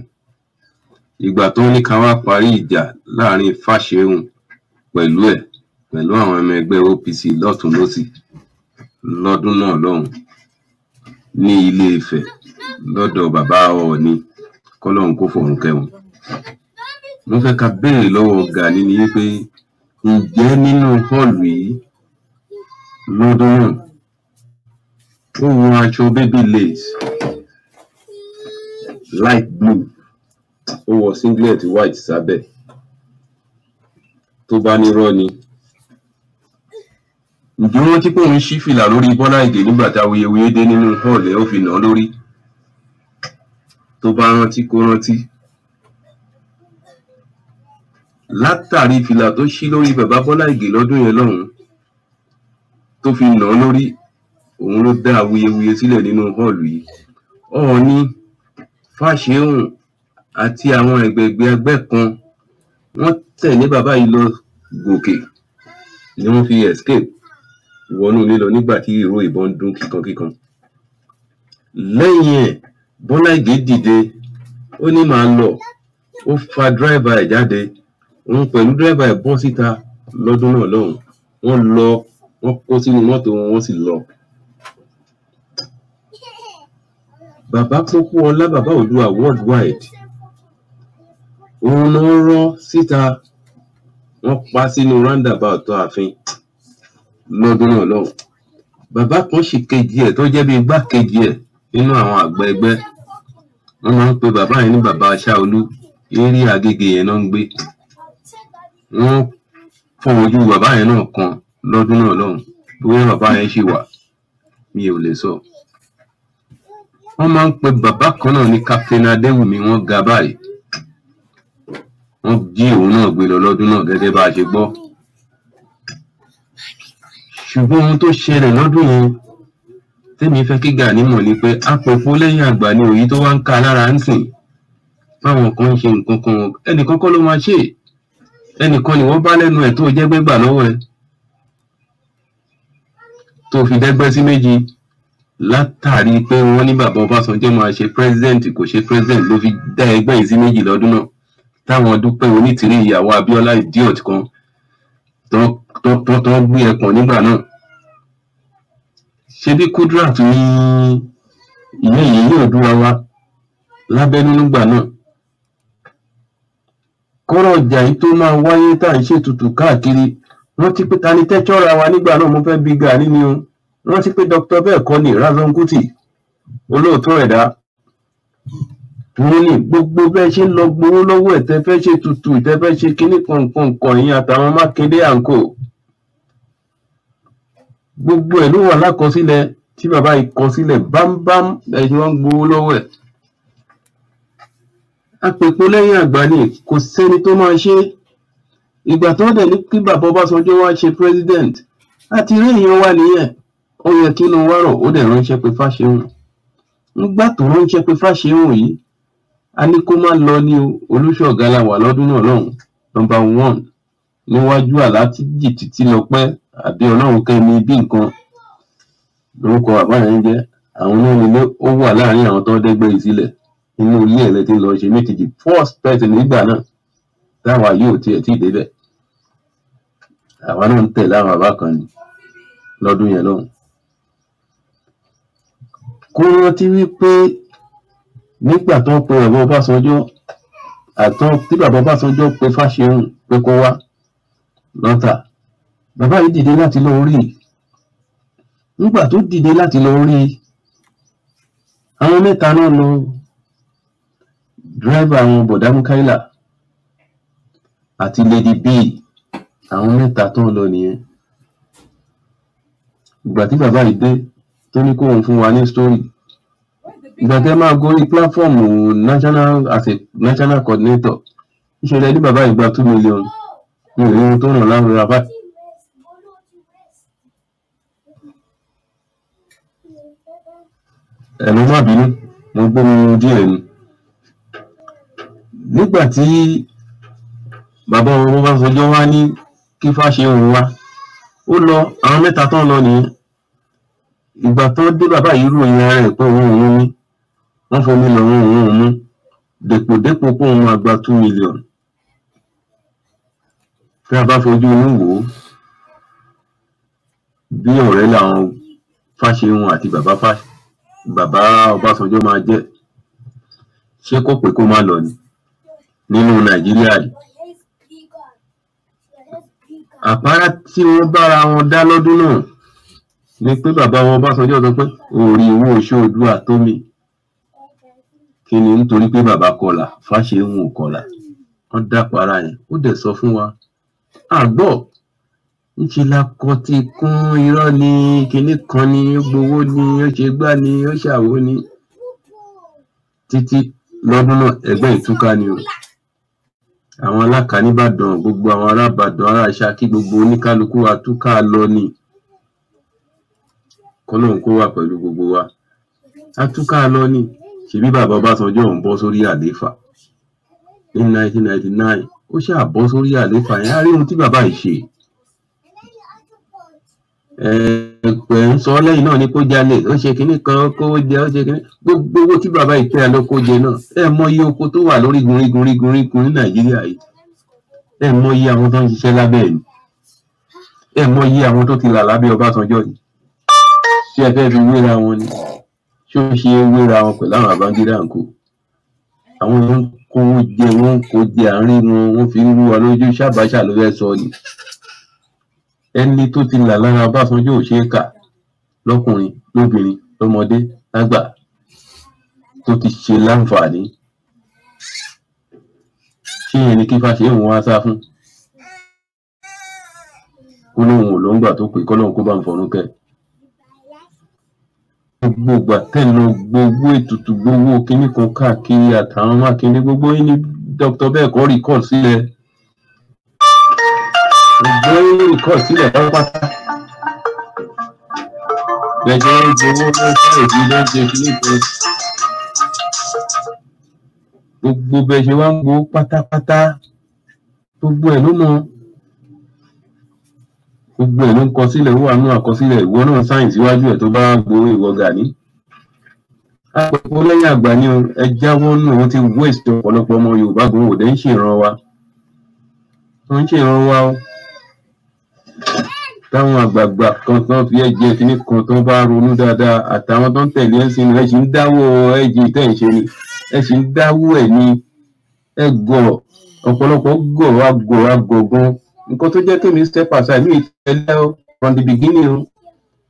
ìgbà tó ní ká wá parí ìjà láàrin Fáṣẹ̀hùn pẹ̀lú ẹ̀ pẹ̀lú àwọn ọmọ ẹgbẹ́ OPC lọ́tùn-lósì lọ́dún náà lọ́hùn ní ilé Ifẹ̀ lọ́dọ̀ bàbá Ọọ̀ni kọ́lọ́hún kó fọ̀run kẹ́hùn mo fẹ́ ka béèrè lọ́wọ́ Gani ni wípé ǹjẹ́ nínú họ́ọ̀lù yìí lọ́dún náà ó wọ aṣọ baby lace light blue ó wọ singlet white sábẹ́ tó bá nírọ́ ni. Roni, ǹjẹ́ owó tí kò ń ṣí fìlà lórí bọ́lá ìdè nígbà tá awuyewuye dé nínú hall ẹ̀ ó fi nà án lórí tó bá rántí kó rántí látàrí fìlà tó ṣí lórí bàbá bọ́lá ìgè lọ́dún yẹn lọ́hùn-ún tó fi nà án lórí òun ló dá awuyewuye sílẹ̀ nínú hall yìí ọ̀ọ́ni fàṣẹ́hùn àti àwọn ẹgbẹ̀gbẹ̀ ẹgbẹ́ kan wọ́n tẹ̀lé bàbá yìí lọ gòkè ni wọ́n fi escape wọnú ilé lọ nígbà tí ìró ìbọn ń dún kíkankíkan lẹ́yìn ẹ̀ Bọ́lá Ìgè dìde ó ní màá lọ ó fa dírẹ́bà ẹ̀ jáde òun pẹ̀lú dírẹ́bà ẹ̀ bọ́ síta lọ́dún náà lọ́hùn wọ́n lọ wọ́n kó sínú mọ́tò wọn wọ́n sì lọ. bàbá pópó ọlá bàbá Oòduà world wide òun náà rán síta wọ́n pa sínú roundabout ààfin lọ́dún náà lọ́hùn bàbá kan sì kejì ẹ̀ tó jẹ́ bíi igbákejì ẹ̀ nínú àwọn àgbà ẹgbẹ́ wọ́n máa ń pe bàbá yẹn ní bàbá aṣáolú eré agége yẹn náà ń gbé wọ́n fọ ojú bàbá yẹn náà kan lọ́dún náà lọ́hùn bóyá bàbá yẹn ṣì wà mi ò lè sọ wọ́n máa ń pe bàbá kan náà ní captain adéwùmí wọ́n ga báyìí wọ́n jí òun náà gbé lọ lọ́dún náà gẹ́gẹ́ bá a ṣe gbọ́ ṣùgbọ́n ohun tó ṣẹlẹ̀ lọ́dún yẹn tẹ́mi fẹ́ kí Gani mọ̀ ni pé apòfo lẹ́yìn àgbà ni òyì tó wá ń ka lára ń sìn fáwọn kan ṣe nǹkan kan ẹnìkan kọ́ ló máa ṣe ẹnìkan ni wọ́n bá lẹ́nu ẹ̀ tó jẹ́ gbẹ́gbà lọ́wọ́ ẹ̀ tó fi dẹ́gbẹ́ sí méjì látàrí pé wọ́n ní bàbá Ọbásanjọ́ máa ṣe president kò ṣe president ló fi dá ẹgbẹ́ yìí sí méjì lọ́dún náà táwọn Dúpẹ́ Onítìrí ìyàwó Abíọ́lá idiot kan tó gbé ẹkùn nígbà náà ṣebí Kudirat ní ìlú yìí yóò dúra wa lábẹ́nú nígbà náà kọ́rọ̀ ọjà yìí tó máa wáyé tá à ń ṣètùtù káàkiri rántí pé ta ni tẹ́tọ́ra wa nígbà náà mo fẹ́ bí gàrí ni o rántí pé Dr. bẹ́ẹ̀ kọ́ ni Razon Kuti olóòótọ́ ẹ̀dá òun ni gbogbo bẹ́ẹ̀ ṣe ń lọ gbowó lọ́wọ́ ẹ̀ tẹ́ fẹ́ ṣètùtù ìtẹ́ fẹ́ ṣe kinní kan kan kan àtàwọn Mákindé àǹkò gbogbo ẹ̀ ló wà lákọsílẹ̀ tí bàbá yìí kọ sílẹ̀ bámbám ẹ̀yin wọn gbowó lọ́wọ́ ẹ̀ apèpo lẹ́yìn àgbà ni kò sẹ́ni tó máa ṣe ìgbà tó dẹ̀ ní kí bàbá Ọbásanjọ́ wá ṣe president àti rí èèyàn wá nìyẹn ó yẹ kí inú wárọ̀ ó dẹ̀ ránṣẹ́ pé Fáṣẹ̀hùn nígbà tó ránṣẹ́ pé Fáṣẹ̀hùn yìí a ní kó má lọ ní Olúṣọ̀gá la wà lọ́dún náà lọ́hùn-ún number one níwájú àlá tí jì títí lọ pẹ́ àbí ọlọ́run kẹ́mi bí nǹkan lórúkọ bàbá yẹn ń jẹ́ àwọn náà nílé ó wà láàrin àwọn tó ń dẹ́gbẹ́ yìí sílẹ̀ inú ilé ẹ̀ lẹ́tí lọ ṣe méjèèjì first person nígbà náà táwa yóò tiẹ̀ tí ì débẹ̀ àwa náà ń tẹ̀lé àwọn bàbá kan ni lọ́dún yẹn lọ́hùn. kó rántí wípé nígbà tó ń pe bàbá Ọbásanjọ́ àtọ́ tí bàbá Ọbásanjọ́ pe Fáṣẹ̀hùn pé kó wá lọ́tà bàbá yìí dìde láti lọ rí i nígbà tó dìde láti lọ rí i àwọn mẹ́ta náà lọ dírẹ́fà àwọn bọ̀dá Mukaila àti Lady B àwọn mẹ́ta tó ń lọ nìyẹn ìgbà tí bàbá yìí dé tó ní kóun fún wa ní story ìgbà tẹ́ máa gorí pílàfọ́ọ̀mù national as a national coordinator ìṣẹ̀lẹ̀ ní bàbá yìí gba two million mi ò rí ohun tó ràn láwùjọ báyìí. ẹ̀ló má bínú mo ń gbómi mu díẹ̀ ni nígbà tí bàbá wọn bá fọjọ́ wá ní kí fáṣe òun wá ó lọ àwọn mẹ́ta tán lọ nìyẹn ìgbà tán dé bàbá yìí ròyìn ara ẹ̀ pé òun òun ní wọ́n fomi lọ òun òun mú dèpòdépò pé òun máa gba two million tí a bá fojú inú wò ó bí ọ̀rẹ́ làwọn fáṣe òun àti bàbá fáṣe bàbá Ọbásanjọ́ máa jẹ́ ṣé kò pé kó má lọ ni nínú Nàìjíríà yìí àpárá tí wọ́n bára wọn dá lọ́dún náà ni pé bàbá wọn Ọbásanjọ́ sọ pé òòrì ìwọ Oṣòdùà tó mi kí ni nítorí pé bàbá kọlà Fáṣẹ̀hùn kọlà wọ́n dápara yẹn ó dẹ̀ sọ fún wa àgbọ̀ níṣẹ la kọ ti kún irọ́ ni kinní kan ni ó gbowó ni ó ṣe gbá ni ó ṣàwó ni títí lọ́dún náà ẹgbẹ́ ìtúká ni o àwọn alákà nìbàdàn gbogbo àwọn arábàdàn ará Ṣakí gbogbo oníkálukú atúká lọ ni kọlọ́run kó wà pẹ̀lú gbogbo wa atúká lọ ni ṣebí bàbá Ọbásanjọ́ ń bọ́ sórí àléfà ní 1999 ó ṣáà bọ́ sórí àléfà yẹn á rí ohun tí bàbá yìí ṣe ẹ̀ ń sọ lẹ́yìn náà ni kó jalè ó ṣe kínní kan kówó jẹ ó ṣe kínní gbogbo owó tí bàbá ìkẹyà ló kó jẹ náà ẹ mọ iye oko tó wà lórí gunrígun rígun rígun ní nàìjíríà yìí ẹ mọ iye àwọn tó ń ṣiṣẹ́ lábẹ́ ẹ̀ ẹ mọ iye àwọn tó ti là lábẹ́ ọbásanjọ́ yìí ṣé ẹ fẹ́ fi wéra wọn ni ṣé ó ṣe wéra wọn pẹ̀lú àwọn àbángídá nǹkó àwọn wọn kó jẹ wọn kó jẹ àárín wọn wọn fi ń rú wa lójú ṣàbáṣà ló fẹ́ sọ ni ẹni tó ti là lára Ọbásanjọ́ ò ṣeé kà lọ́kùnrin lóbìnrin lọ́mọdé lágbà tó ti ṣe láǹfààní ṣé ẹni kí Fáṣehu wá sá fún ó lóun ò lóńgbà tó pè kọ́lọ́hún kó bá ń fọ̀run kẹ́ gbogbo ìgbà tẹ̀lé gbogbo ètùtù gbogbo kínní kan káàkiri àtàwọn mákindé gbogbo yín ní dr bẹ́ẹ̀ kọ́ rìkọ́ọ̀ sílẹ̀ ìgbé ìkọ̀sílẹ̀ pátápátá gbẹ̀jẹ̀ oúnjẹ owó lọ́jọ́ ìdí lọ́jọ́ ìdílé kan gbogbo bẹ̀jẹ̀ wa ń gbowó pátápátá gbogbo ẹ̀ ló mọ gbogbo ẹ̀ ló ń kọ sílẹ̀ ó wà nínú àkọsílẹ̀ ìwọ náà sáyìn síwájú ẹ̀ tó bá gbowó ìwọ gàní àpòpọ̀ lẹ́yìn àgbà ni ẹ jáwọ́ nù ó ti wé ìsìn ọ̀pọ̀lọpọ̀ ọmọ Yorùbá gbowó òde ń ṣèrànwá ó ń ṣèrànwá o táwọn àgbààgbà kan tán fi ẹ̀jẹ̀ kínní kan tán bá ronú dáadáa àtàwọn tó ń tẹ̀lé ẹ̀sìn ẹ̀ sì ń dáwọ́ ẹ̀jẹ̀ tẹ̀ ń ṣe ni ẹ̀ sì ń dáwọ́ ẹ̀ ni ẹ gọ̀ ọ̀pọ̀lọpọ̀ gọ̀ agọ̀ agọ̀ gan nǹkan tó jẹ́ kémi step aside mi tẹ́lẹ̀ o from the beginning o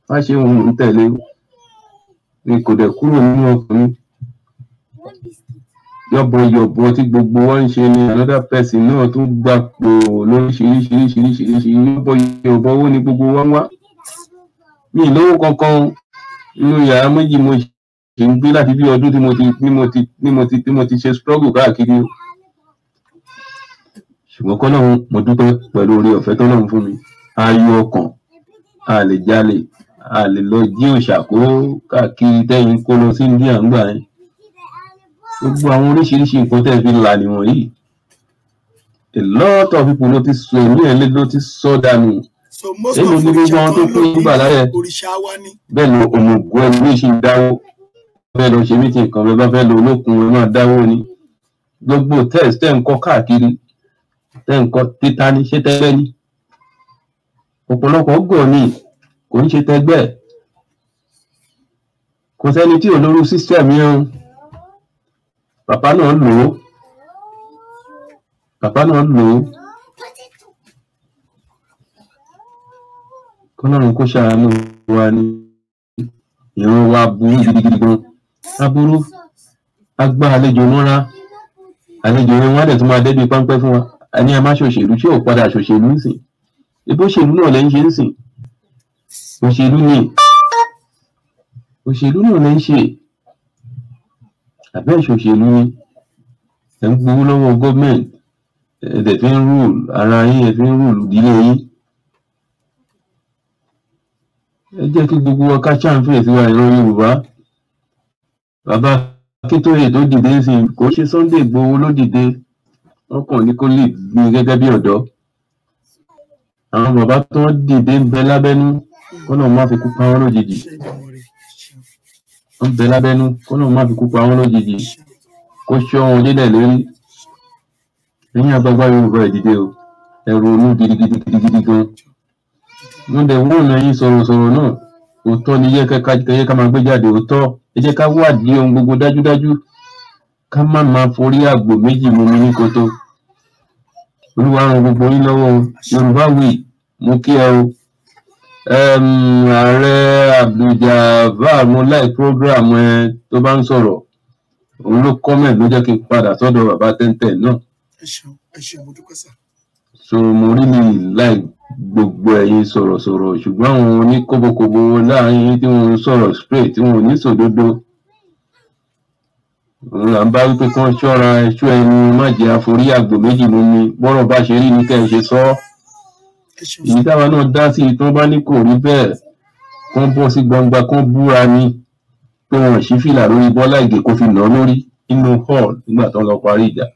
má ṣe òun tẹ̀lé o ni kò dẹ̀ kúrò nínú ọkùnrin yọ̀bọ̀yọ̀bọ̀ tí gbogbo wa ń ṣe ni another person náà tún gbàpò lóríṣiríṣiríṣiríṣi yọ̀bọ̀yọ̀bọ̀ owó ni gbogbo wa ń wá mi lówó kankan inú yàrá méjì mo ṣì ń gbé láti bí ọdún tí mo ti tí mo ti tí mo ti tí mo ti ṣe struggle káàkiri o ṣùgbọ́n kọ́lọ́hún mo dúpẹ́ pẹ̀lú oore ọ̀fẹ́ tọ́lọ́hún fún mi ayọ̀ ọkàn a lè jalè a lè lọ jí òṣàkó káàkiri tẹ́yìn kó lọ sí India gbogbo àwọn oríṣiríṣi nǹkan tẹ́ fi là nìwọ̀n a lot of people ló ti sọ èmi ẹ̀ ló ti sọ dànù èmi ní gbogbo àwọn tó kú nígbà láyẹ̀ bẹ́ẹ̀ lọ òmùgọ̀ ẹni ní ìṣe dáwó bẹ́ẹ̀ lọ ṣe mítìn kan bẹ́ẹ̀ bá fẹ́ lọ olókun ẹ máa dáwó ni gbogbo test tẹ́ ń kọ́ káàkiri tẹ́ ń kọ́ títa ní ṣé tẹ́gbẹ́ ní ọ̀pọ̀lọpọ̀ gọ̀ ni kò ń ṣe tẹ́gbẹ́ kò sẹ́ni tí ò lóru sísẹ́mi ọ̀hún bàbá náà lò ó bàbá náà lò ó kọ́lọ́run kó ṣàánú wa ní ìran wa burú gidigidi gan aburú agbá àlejò mọ́ra àlejò yẹn wọ́n á dẹ̀ tún máa débi páńpẹ́ fún wa a ní a má ṣòṣèlú tí ò padà ṣòṣèlú ń sìn ebó ṣèlú náà lẹ́ ń ṣe ń sìn òṣèlú ni òṣèlú náà lẹ́ ń ṣe àbí òṣòṣèlú ni ẹ ń gbowó lọ́wọ́ gọ́ọ̀mẹ̀ntì ẹ dẹ̀ fi ń rúùlù ara yín ẹ fi ń rúùlù ìdílé yín ẹ jẹ́ kí gbogbo wa ká ṣàǹfẹ̀sí wa ìran Yorùbá bàbá Akíntóyè tó dìde sí i kò ṣe Sunday Igboho ló dìde ọkàn ní kó lè gbin e gẹ́gẹ́ bí ọ̀dọ́ àwọn bàbá tó dìde ń bẹ lábẹ́nú kọ́nà má fi kú pa wọ́n lójijì ń bẹ lábẹ́nú kó náà má fi kú pa wọ́n lójijì kó ṣọ́ wọn délẹ̀ lórí ẹ̀yin àgbààgbà Yorùbá ẹ dìde o ẹ ronú gidigidi gidigidi gan mo dẹ̀ wọ́n ọ̀nà yín sọ̀rọ̀sọ̀rọ̀ náà òótọ́ ni yẹ ká máa gbé jáde òótọ́ ẹ jẹ́ ká wádìí ohun gbogbo dájúdájú ká má máa forí àgbò méjì mu mi ní koto olúwa ràn gbogbo yín lọ́wọ́ Yorùbá wì mú kí ẹ o um, ààrẹ abdulgafar mulai program ẹ tó bá ń sọ̀rọ̀ òun ló comment ló jẹ́ kí n padà sọ́dọ̀ bàbá tẹ́ntẹ́n náà. ẹ ṣeun ẹ ṣeun mo dúpẹ́ sá. so mo rí mi láì gbogbo ẹ̀yin sọ̀rọ̀sọ̀rọ̀ ṣùgbọ́n àwọn oníkóbókóbó láàrin yín tí wọ́n ń sọ̀rọ̀ spray tí wọ́n ò ní sòdodo òun là ń bá wípé kí wọ́n ṣọ́ra ẹṣọ́ ẹni má jẹ́ àforí àgbò méjì lómi bọ́rọ̀ bá ṣe rí ni kẹ́ ẹ ṣe sọ ọ́ èyí táwa náà dá sí i tí wọ́n bá ní kò rí bẹ́ẹ̀ kán bọ́ sí gbangba kán búra ni pé wọn sì fìlà lórí Bọ́lá Ìgè kó fi nà án lórí nínú hall nígbà tó lọ parí ìjà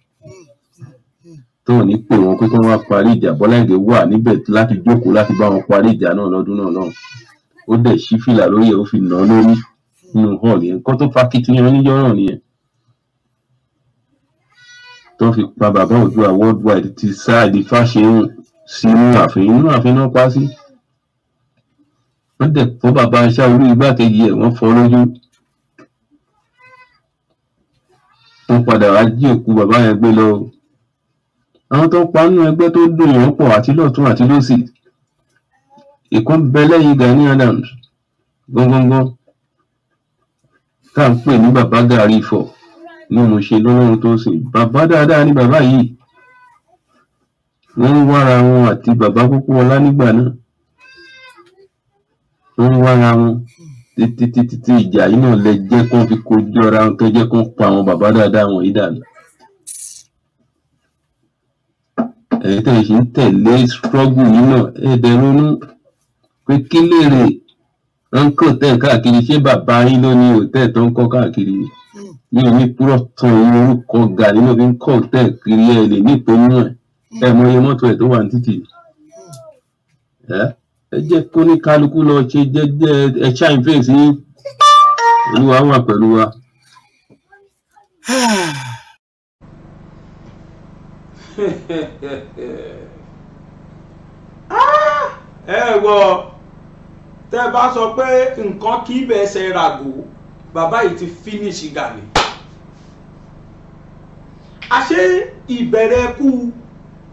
tó ní pé wọn pé kí wọn wá parí ìjà Bọ́lá Ìgè wà níbẹ̀ láti jókòó láti bá wọn parí ìjà náà lọ́dún náà náà ó dẹ̀ sí fìlà lórí ẹ̀ ó fi nà án lórí nínú hall yẹn kó tó fa kitiyan oníjọ́ náà nìyẹn tó fi pa bàbá Òjó worldwide ti sáà di fáṣẹ́yìn sínú ààfin inú ààfin náà pa sí wọ́n dẹ̀ fọ́ bàbá aṣáájú igbákejì ẹ̀ wọ́n fọ́ lójú wọ́n padà wá jí òkú bàbá yẹn gbé lọ àwọn tó pa nínú ẹgbẹ́ tó dùn yẹn pọ̀ àti lọ́tún àti lọ́sì ìkan bẹ lẹ́yìn Gani Adams gangan tá à ń pè ní bàbá Gàrí Ifọ̀ ní òun ṣe lọ́rùn tó sìn bàbá dáadáa ni bàbá yìí wọ́n ń wára wọn àti bàbá Kókóọlá nígbà náà wọ́n ń wára wọn títí títí tí ìjà yìí náà lè jẹ́ kán fi kojú ara wọn tó jẹ́ kán pa àwọn bàbá dáadáa wọn yìí dànù. ẹ̀yin tẹ̀ ṣe ń tẹ̀lé struggle yìí náà ẹ̀ẹ́dẹ̀ ronú pé kí lèrè ń kàn tẹ̀ káàkiri ṣé bàbá yín ló ní òtẹ́ẹ̀ tó ń kọ́ káàkiri hmm. mi ò ní púrọ̀ tán orúkọ gàrí náà fi ń kọ́ òtẹ́ẹ̀ kiri ẹ̀ lè ní ìpamọ́ ẹ mọ iye mọ́tò tó wà ní títì ẹ jẹ́ kó ní lọ ṣe jẹ́jẹ́ ẹ ṣáìn fèsì olúwa wà pẹ̀lú wa. ẹ wọ tẹ́ bá sọ pé nǹkan kì í bẹ́ẹ̀ ṣe ràgò bàbá yìí ti finish Gani àṣé ìbẹ̀rẹ̀ kú.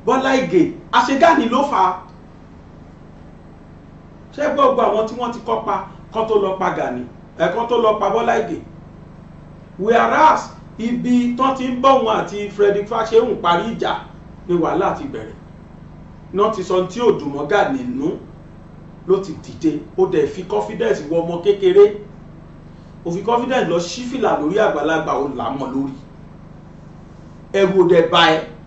Bọ́lá Ìgè àṣegáàní ló fà á ṣé gbogbo àwọn tí wọ́n ti kọ́ pa kọ́ tó lọ pa Gani ẹ̀kọ́ tó lọ pa Bọ́lá Ìgè whereas ibi tán ti ń bọ̀ wọn àti Frederick Fáṣẹ̀hùn parí ìjà ni wàhálà ti bẹ̀rẹ̀ náà ti sọ tí ò dùn mọ́ Gani nù ló ti dìde ó dẹ̀ fi confidence wọ ọmọ kékeré ó fi confidence lọ sí fìlà lórí àgbàlagbà ó là á mọ̀ lórí ẹ̀rù ò dẹ̀ bá ẹ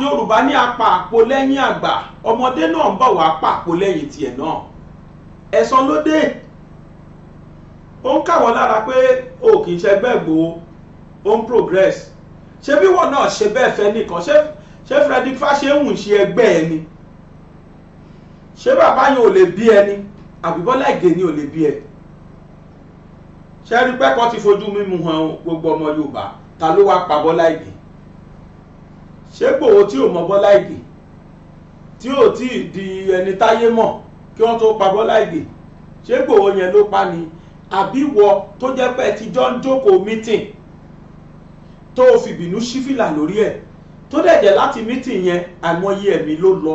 yorùbá ní apá àpò lẹ́yìn àgbà ọmọdé náà ń bọ̀ wá pàpò lẹ́yìn tiẹ̀ náà ẹ̀san ló dé ó ń kàwọ́ lára pé o kì í ṣẹgbẹ́ Ìgbòho ó ń progress ṣé bí wọn náà ṣe bẹ́ẹ̀ fẹ́ nìkan ṣé Frederick Fáṣehùn ń ṣe ẹgbẹ́ ẹ ni ṣé bàbá yẹn ò lè bí ẹ ni àbí Bọ́lá Ìgè ni ò lè bí ẹ ṣé rí pẹ́kọ́ ti fojú mímu hàn gbogbo ọmọ Yorùbá ta ló wá pa Bọ́lá Ìgè ṣé Ìgbòho tí ò mọ Bọ́lá Ìgè tí ò tí ì di ẹni táyé mọ̀ kí wọ́n tó pa Bọ́lá Ìgè ṣé Ìgbòho yẹn ló pa ni àbí wọ tó jẹ́ pé ti jọ ń jókòó mítìn tó o fìbínú ṣífìlà lórí ẹ̀ tó dẹ̀ jẹ́ láti mítìn yẹn àìmọye ẹ̀mí ló lọ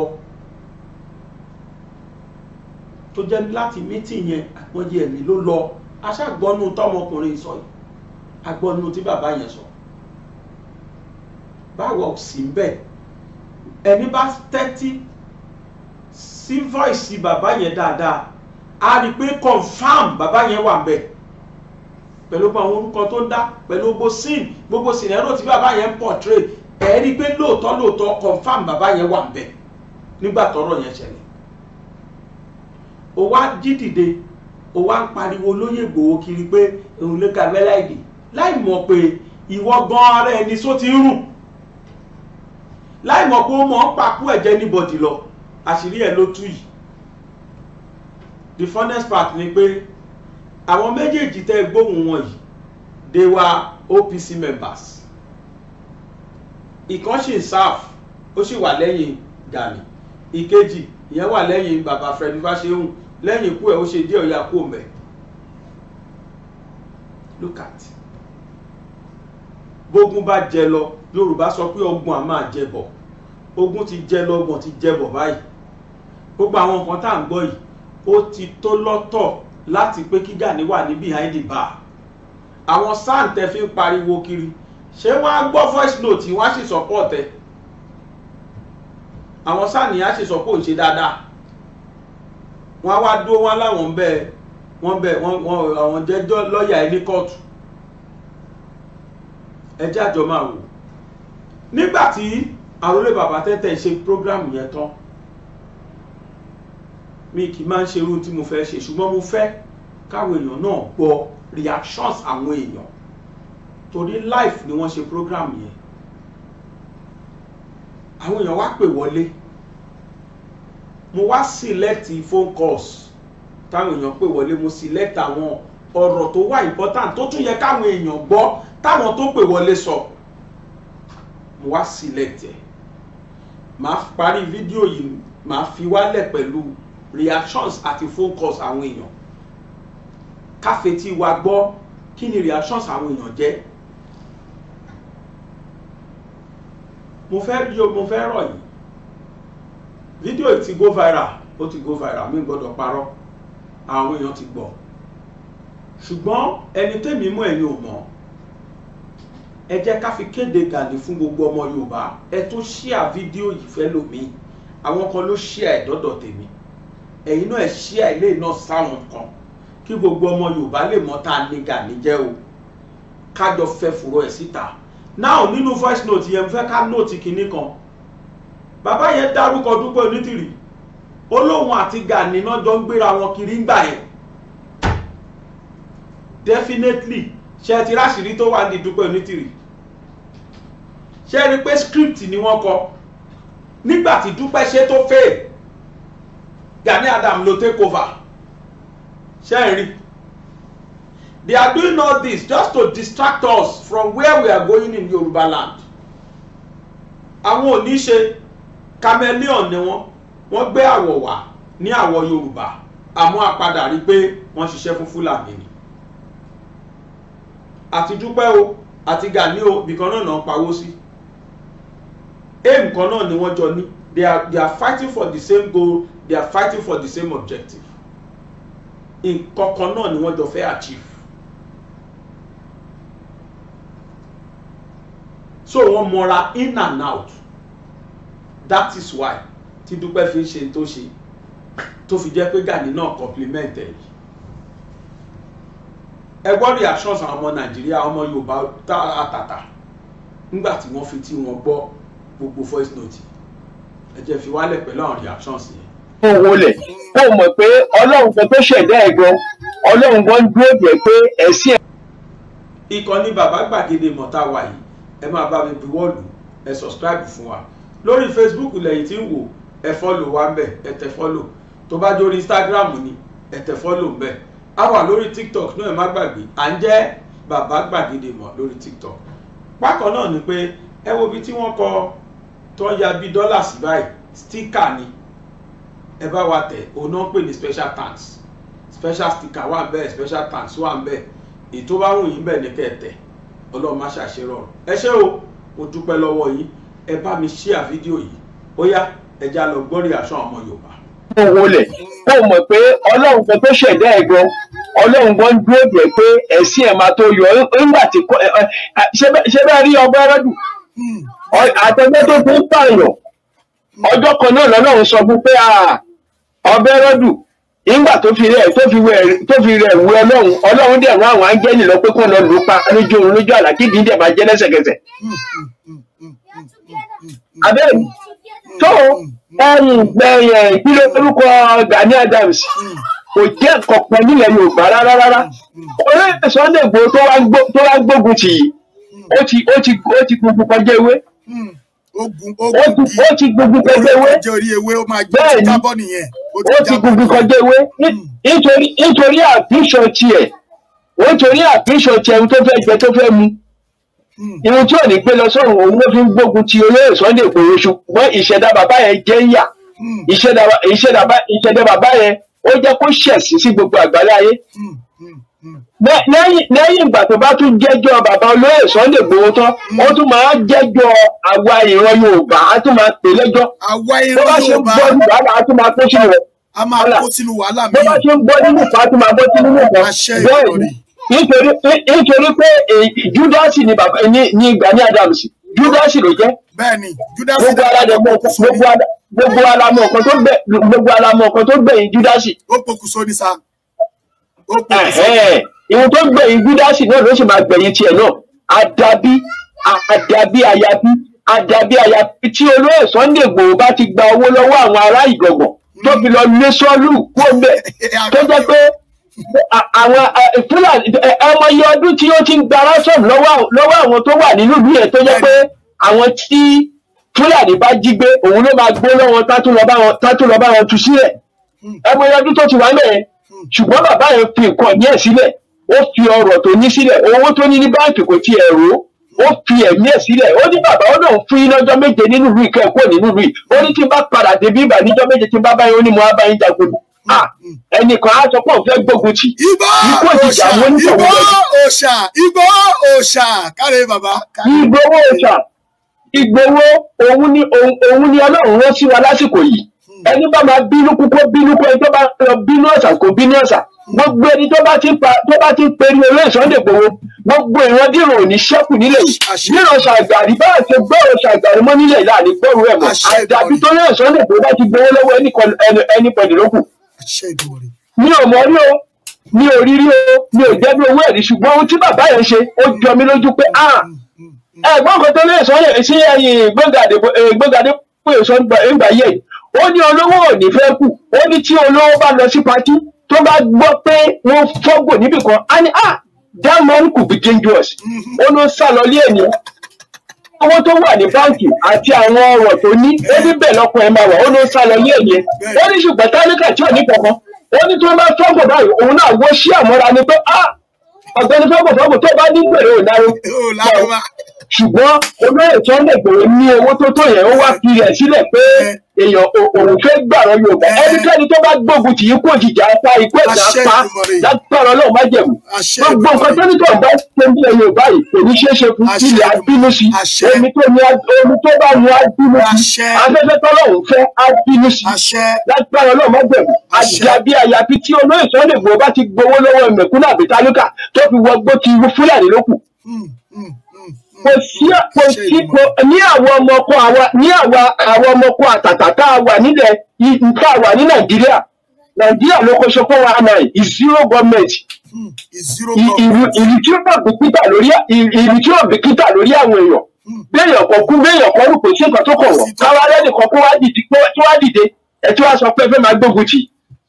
tó jẹ́ láti mítìn yẹn àìmọye ẹ̀mí ló lọ aṣáàgbọ́nú tọmọkùnrin sọ yìí agbọ́nú tí bàbá yẹn sọ báwo sí bẹ́ẹ̀ ẹni bá tẹ́tí sí voice bàbá yẹn dáadáa a rí i pé confam bàbá yẹn wà bẹ́ẹ̀ pẹ̀lú àwọn orúkọ tó ń dá pẹ̀lú gbogbo sin gbogbo sinero tí bàbá yẹn ń portray ẹ̀ rí i pé lóòótọ́ lóòótọ́ confam bàbá yẹn wà bẹ́ẹ̀ nígbà tọ́rọ̀ yẹn ṣẹlẹ̀ o wá jí dìde o wá ń pariwo lóyè gbòó kiri pé òun ló ka mẹ́láìdì láì mọ̀ pé ìwọ gan ara ẹni só ti ń rùn láì mọ̀ pé ó mọ̀ ń papú ẹ̀jẹ̀ níbọ̀dì lọ àṣírí ẹ̀ ló tú yìí the funnest part ni pé àwọn méjèèjì tẹ́ gbóhùn wọn yìí they were OPC members ìkan ṣì ń serve ó sì wà lẹ́yìn Gani ìkejì ìyẹn wà lẹ́yìn bàbá Fred Fáṣẹ̀hùn lẹ́yìn ikú ẹ̀ ó ṣe díẹ̀ ọ̀yà kú òmẹ̀ look at bógun bá jẹ lọ yorùbá sọ pé ọgbọ́n a máa jẹbọ ogún ti jẹ lọ́gbọ̀n ti jẹbọ báyìí gbogbo àwọn nǹkan tá à ń gbọ́ yìí ó ti tó lọ́tọ̀ láti pé kí Gani wà ní behind the bar àwọn sáǹtẹ fi ń pariwo kiri ṣé wọ́n á gbọ́ voice note wọ́n á sì support ẹ̀ àwọn sáàni á sì sọ pé òun ṣe dáadáa wọ́n á wá dúró wọn láwọn ń bẹ wọn bẹ wọn àwọn jẹ́jọ́ lọ́ọ̀yà ẹni kóòtù ẹ jẹ́ àjọ máa wò ó nígbà tí àròlé bàbá tẹ́tẹ́ ṣe program yẹn tán mi kì í máa ń ṣe irú tí mo fẹ́ ṣe ṣùgbọ́n mo fẹ́ káwọn èèyàn náà gbọ́ reactions àwọn èèyàn torí live ni wọ́n ṣe program yẹn àwọn èèyàn wá pè wọlé mo wá select phone calls táwọn èèyàn pè wọlé mo select àwọn ọ̀rọ̀ tó wà important tó tún yẹ káwọn èèyàn gbọ́ táwọn tó pè wọlé sọ. So mo wá select ẹ̀ màá parí fídíò yìí màá fi wálẹ̀ pẹ̀lú reactions àti phone calls àwọn èèyàn káfetí wa gbọ́ kí ni reactions àwọn èèyàn jẹ́ mo fẹ́ yọ mo fẹ́ rọ̀ yìí fídíò ti go viral ó ti go viral mi gbọ́dọ̀ parọ́ àwọn èèyàn ti gbọ́ ṣùgbọ́n ẹni tẹ́mi mú ẹ̀yin ò mọ̀ ẹ jẹ́ ká fi kéde gàlè fún gbogbo ọmọ yorùbá ẹ tún ṣíà fídíò yìí fẹ́ lómi àwọn kan ló ṣíà ẹ̀ dọ́dọ̀ tèmi ẹ̀yin náà ẹ̀ ṣíà ilé náà sáwọn kan kí gbogbo ọmọ yorùbá lè mọ̀ tá a ní gàlè jẹ́ o kájọ fẹ́ fúró ẹ̀ síta náà nínú voice note yẹn mo fẹ́ ká nóòtì kinní kan bàbá yẹn dárúkọ dúpẹ́ onítìrì ó àti gàní náà jọ ń gbéra wọn kiri ń gbà yẹn definitely ṣe ti ráṣìírí tó wà ní dúpẹ́ onítìrì ṣe rí i pé script ni wọ́n kọ nígbà tí dúpẹ́ ṣe tó fail Gani Adams ló take over ṣe rí they are doing all this just to distract us from where we are going in Yoruba land àwọn ò ní ṣe chameleon ni wọ́n wọ́n gbé àwọ̀ wá ní àwọ̀ Yorùbá àmọ́ àpadà rí pé wọ́n ṣiṣẹ́ fún Fúlàní ni àti Dúpẹ́ o àti Gani o bìkan náà náà pawó sí. Si aim kan náà ni wọ́n jọ ní they are they are fighting for the same goal they are fighting for the same objective nǹkan kan náà ni wọ́n jọ fẹ́ achieve so wọ́n mọra in and out that is why tí Dúpẹ́ fi ń ṣe tó ṣe tó fi jẹ́ pé Gani náà compliment ẹ̀ yìí ẹ gbọ́ reactions àwọn ọmọ Nàìjíríà ọmọ Yorùbá àtàtà nígbà tí wọ́n fi tí wọ́n gbọ́ gbogbo voice note ẹ jẹ́ fi wálẹ̀ pẹ̀lú àwọn reactions yẹn. kó wo lẹ̀ kó mọ̀ pé ọlọ́run kan tó ṣẹ̀dá ẹ̀ gan ọlọ́run gan dúró jẹ́ pé ẹ̀sìn ẹ̀. ìkànnì bàbá gbàgede mọ̀tà wà ẹ máa bá mi buwọ́lù ẹ subscribe fún wa lórí facebook lẹ́yìn tí ń wò ẹ fọ́lò wa ń bẹ̀ ẹ tẹ fọ́lò tó bá jórí instagram ni ẹ tẹ fọ́lò ń bẹ̀ a wà lórí tiktok náà ẹ má gbàgbé à ń jẹ́ bàbá gbàgede mọ̀ lórí tiktok bákan náà ni pé ẹ wo ibi tí wọ́n kọ tó ń ya bí dọ́là sí báyìí stíkà ni ẹ bá wa tẹ̀ òun náà pè ní special tanks. special sticker wà bẹ́ẹ̀ special tanks. wà bẹ́ẹ̀ ètò bá wù yín bẹ́ẹ̀ ní kẹ̀tẹ̀ ọlọ́run má ṣàṣe rọrùn ẹ ṣé o mo dúpẹ́ lọ́wọ́ yín ẹ bá mi ṣíà fídíò yìí ó ẹ já lọ gbọ́rí àṣọ ọmọ yorùbá. kó o wọlé kó o mọ̀ pé ọlọ́run kan tó ṣẹ̀dá ẹ̀ gan ọlọ́run gan dúró dẹ̀ pé ẹ̀sìn ẹ̀ máa tó yọ nígbà tí ṣé bẹ́ẹ̀ rí ọgbọ́n rẹ́dù àtẹgbẹ́ tó fi ń pààyàn ọjọ́ kan náà lọ́lọ́run sọ fún pé ah, ọbẹ̀ rọ́dù nígbà tó fi rẹ̀ tó fi rẹ̀ wú ọlọ́run ọlọ́run dẹ̀ rán àwọn áńgẹ́lì lọ pé kó lọ lù ú pa lójú oorun lójú àlá kí dídẹ̀ máa jẹ́ lẹ́sẹ̀kẹsẹ̀. abẹ́rẹ́ tó gbẹ̀yẹ̀ kí ló orúkọ Gani Adams kò jẹ́ kọ̀pẹ́ nílẹ̀ Yorùbá rárá rárá orí Sunday Igboho tó wá gbógun tì yìí ó ti gbogbo kọjá ewé ogun ogun kí ó ti gungun kọjá ewé bẹ́ẹ̀ ni ó ti gungun kọjá ewé hmm. nítorí nítorí àpíṣọ tiẹ̀ nítorí àpíṣọ tiẹ̀ ohun tó fẹ́ jẹ tó fẹ́ mu hmm. irun tí ò ní gbé lọ sọ́run òun ló fi ń gbógun ti olóyè Sunday Igboho ṣùgbọ́n ìṣẹ̀dá bàbá yẹn jẹ́ ń yà hmm. ìṣẹ̀dá bàbá yẹn ó jẹ́ kó ṣẹ̀sín sí gbogbo àgbáláyé lẹ́yìn lẹ́yìn ìgbà tó bá tún jẹ́jọ́ bàbá olóyè Sunday Igboho tán ó tún máa jẹ́jọ́ àwa ìran Yorùbá á tún máa pè lẹ́jọ́ bó bá ṣe ń gbọ́ nínú wàhálà á tún máa kó sínú rẹ̀ bá ṣe ń gbọ́ nínú ìfà á máa bọ́ sínú rẹ̀ bẹ́ẹ̀ nítorí pé eh, Júdásì ní ìgbà ní Ádámsì Júdásì ló jẹ́ gbogbo alájọ gbogbo alamọ kan tó gbẹ gbogbo alamọ kan tó gbẹ̀yìn Júdásì. ó pokùnso ni sa ó eh, pokùnso ni sa. Eh ìwọ tó gbẹ̀yìn Júdásì náà ló sì máa gbẹ̀yìn tiẹ̀ náà àdàbí àdàbí àyàbí àdàbí àyàbí tí olóyè Sunday Igboho bá ti gba owó lọ́wọ́ àwọn ará Ìgangan tó fi lọ lé sọ́ọ̀lù kó bẹ̀ tó jẹ́ pé àwọn Fúlàní ọmọ iye ọdún tí ó ti ń gba ransom lọ́wọ́ àwọn tó wà nínú ìlú yẹn tó jẹ́ pé àwọn tí Fúlàní bá jí gbé òun ló máa gbé lọ́wọ́ tátú lọ́ bá wọn tú sílẹ̀ ọmọ iye ọdún tó ti wà mẹ́rin ṣùgbọ́n bàbá yẹn fi nǹkan ní ẹ̀ sílẹ̀ ó fi ọrọ̀ tó ní sílẹ̀ owó tó ní ní báǹkì kò tiẹ̀ rò ó fi ẹ̀mí ẹ̀ sílẹ̀ ó ní bàbá ó náà fún yín lọ́jọ́ méje nínú ìlú ìkẹ́ kúrò nínú ìlú yìí ó ní tí bá padà débi ìbà níjọ́ méje tí bá báyìí ó ní mo á báyìí jagun ẹnìkan á sọ pé òun fẹ́ gbógun tì ikú òjìjà mo ní tòun lọ. òòṣà ìgbò òòṣà káre bàbá. ìgbòho òòṣà ìgbòho òun ni òun ni ọlọ́run rán sí wa lásìkò yìí hmm. ẹni bá máa bínú kú kó bínú kó ẹni tó bá lọ bínú ọ̀sà kó bínú ọ̀sà gbogbo ẹni tó bá ti ń peri olóyè Sunday Igboho gbogbo ìran dìrò ò ní ṣẹ́kù nílẹ̀ dìrò ṣàgbàrí bá àti gbọ́rọ̀ ṣàgbàrí mọ́ nílẹ̀ ìlà ní gbọ́rọ̀ ẹ̀ mọ́ àdàbí tó lóyè Sunday Igboho bá ti gbowó lọ́wọ́ ẹni pẹ̀lú lókù. mi ò mọ rí o mi ò rí rí o mi ò jẹ́ bí owó ẹ̀rí ṣùgbọ́n ohun tí bàbá yẹn ṣe ó jọ mí lójú pé ah, mm, mm, mm. ẹ̀gbọ́n kan tó lóyè Sunday sí ẹ̀yìn gbọ́ngàdé pé ìgbà yẹn ó ní olówó ò ní fẹ́ kù ó ní tí olówó bá lọ sí patí tó bá gbọ́ pé wọ́n fọ́gbò níbì kan á ní ah that man could be dangerous ó ló sá lọ lé ẹni owó tó wà ní báǹkì àti àwọn ọ̀rọ̀ tó ní ó ní bẹ́ẹ̀ lọ́kùn ẹ̀ máa wà ó ló sá lọ lé ẹni ó ní ṣùgbọ́n tálíkà tí ò ní kankan ó ní tó bá fọ́gbò báyìí òun náà wọ́n ṣí àmọ́ra ni pé ah ọ̀gbẹ́ni fọ́gbò fọ́gbò tó bá ní gbèrè ò náà ṣùgbọ́n olóyè tó ń dẹ̀gbẹ̀rẹ̀ ní owó tó tó yẹn ó wá fi rẹ̀ sílẹ̀ pé èèyàn òun fẹ́ gbàrọ̀ Yorùbá eh. ẹnikẹ́ni tó bá gbógun tì í kó jìjà pa ikú ẹ̀dá pa lágbára Ọlọ́run má jẹ̀mú gbogbo nǹkan tó ní tó bá ṣe ń bílẹ̀ Yorùbá yìí kò ní ṣeé ṣe fún ilẹ̀ abínú sí omi tó bá ní abínú sí afẹ́fẹ́ tọ́lọ́run fẹ́ abínú sí lágbára Ọlọ́run má jẹ̀mú àjàbí àyàfi tí olóyè tó lè gbọ́ bá ti gbowó lọ́wọ́ mẹ̀kúnnà àbí tálíkà tó fi wọgbó ti Fúlàní lókù. Hmm, hmm kò sí kò sí kò ní àwọn ọmọ ọkọ àwa ní àwa àwọn ọmọ ọkọ àtàtà tá a wà nílẹ̀ tá a wà ní nàìjíríà nàìjíríà ló kó ṣe fún wa náà ìzírò gọọmenti ìlú tí ó bá bìkítà lórí ìlú tí ó bìkítà lórí àwọn èèyàn hmm. béèyàn kan kú béèyàn kan rú kò sí nǹkan tó kọ̀ wọ́n káwa lẹ́nìkan kó wá dìde pé tí wá dìde ẹ tí wá sọ pé fẹ́ máa gbógun tì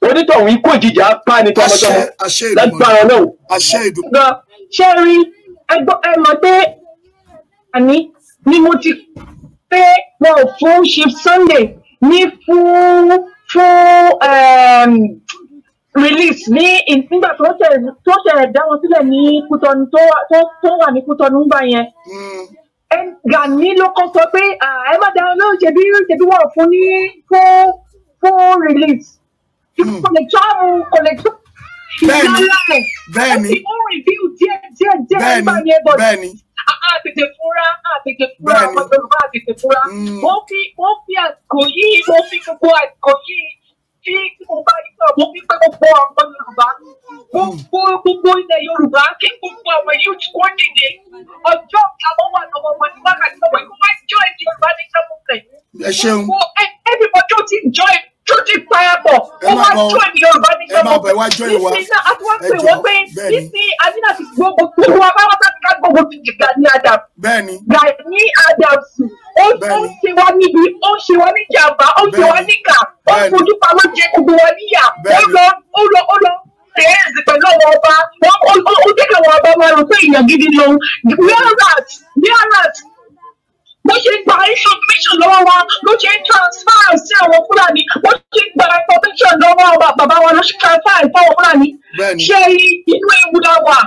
onítọ̀hún ikú òjijì apá ni tọmọtọmọ lágbára náà. ṣé rí ẹgbọ́n ẹ mọ̀ pé ní ni mo ti pé wọn fún Chief Sunday ní fún fún um, release ní nígbà tó ṣe tó ṣe dá wọn sílẹ̀ ní Kútọ́nù tó wà ní Kútọ́nù ń gbà yẹn. Hmm. Gani ló kọ́ sọ pé ẹ má dáhùn lóhùn ṣebí ṣebí wọn ò fún ní fún fún release. Hmm. kò lè tó àwọn kò lè tó bẹ́ẹ̀ni bẹ́ẹ̀ni bẹ́ẹ̀ni bẹ́ẹ̀ni àtètè fúnra àtètè fúnra ọmọ yorùbá àtètè fúnra ó mm. fi ó fi àsìkò yìí ó fi gbogbo àsìkò yìí tí mo bá yí sọ mo fi pé gbogbo ọmọ yorùbá mm. gbogbo gbogbo ilẹ̀ yorùbá kí gbogbo àwọn youth kó dìde ọjọ́ àwọn wà lọ́wọ́ wọn ní wákàtí wọn kò má jọ èdè yorùbá ní sábùkẹ́. ẹ ṣeun. everybody ó ti join tó ti parapọ̀ ó máa jó èmi yorùbá ní gbogbo ìsìn náà a ti wá pè wọ́n pé ìsìn adina ti gbogbo gbogbo abáwọ́tà ti ká gbogbo ti jìgà ní Adams Gani Adams ó ń ṣe wá níbi ó ń ṣe wá ní jàmbá ó ń ṣe wá níkà ó ń fojú pa ló jẹ gbogbo wa níyà ó lọ ó lọ ó lọ tẹ̀yẹ́sì pẹ̀lú àwọn ọba ó jẹ́ kí àwọn ọba máa rò pé èèyàn gidi lòun we are rats we are rats bó ṣe gba information lọ́wọ́ wa ló ṣe ń transfer sí àwọn fúlàní bó ṣe gba information lọ́wọ́ bàbá wa ló ṣe transfer ìfọwọ́ fúlàní ṣe inú ewu la wà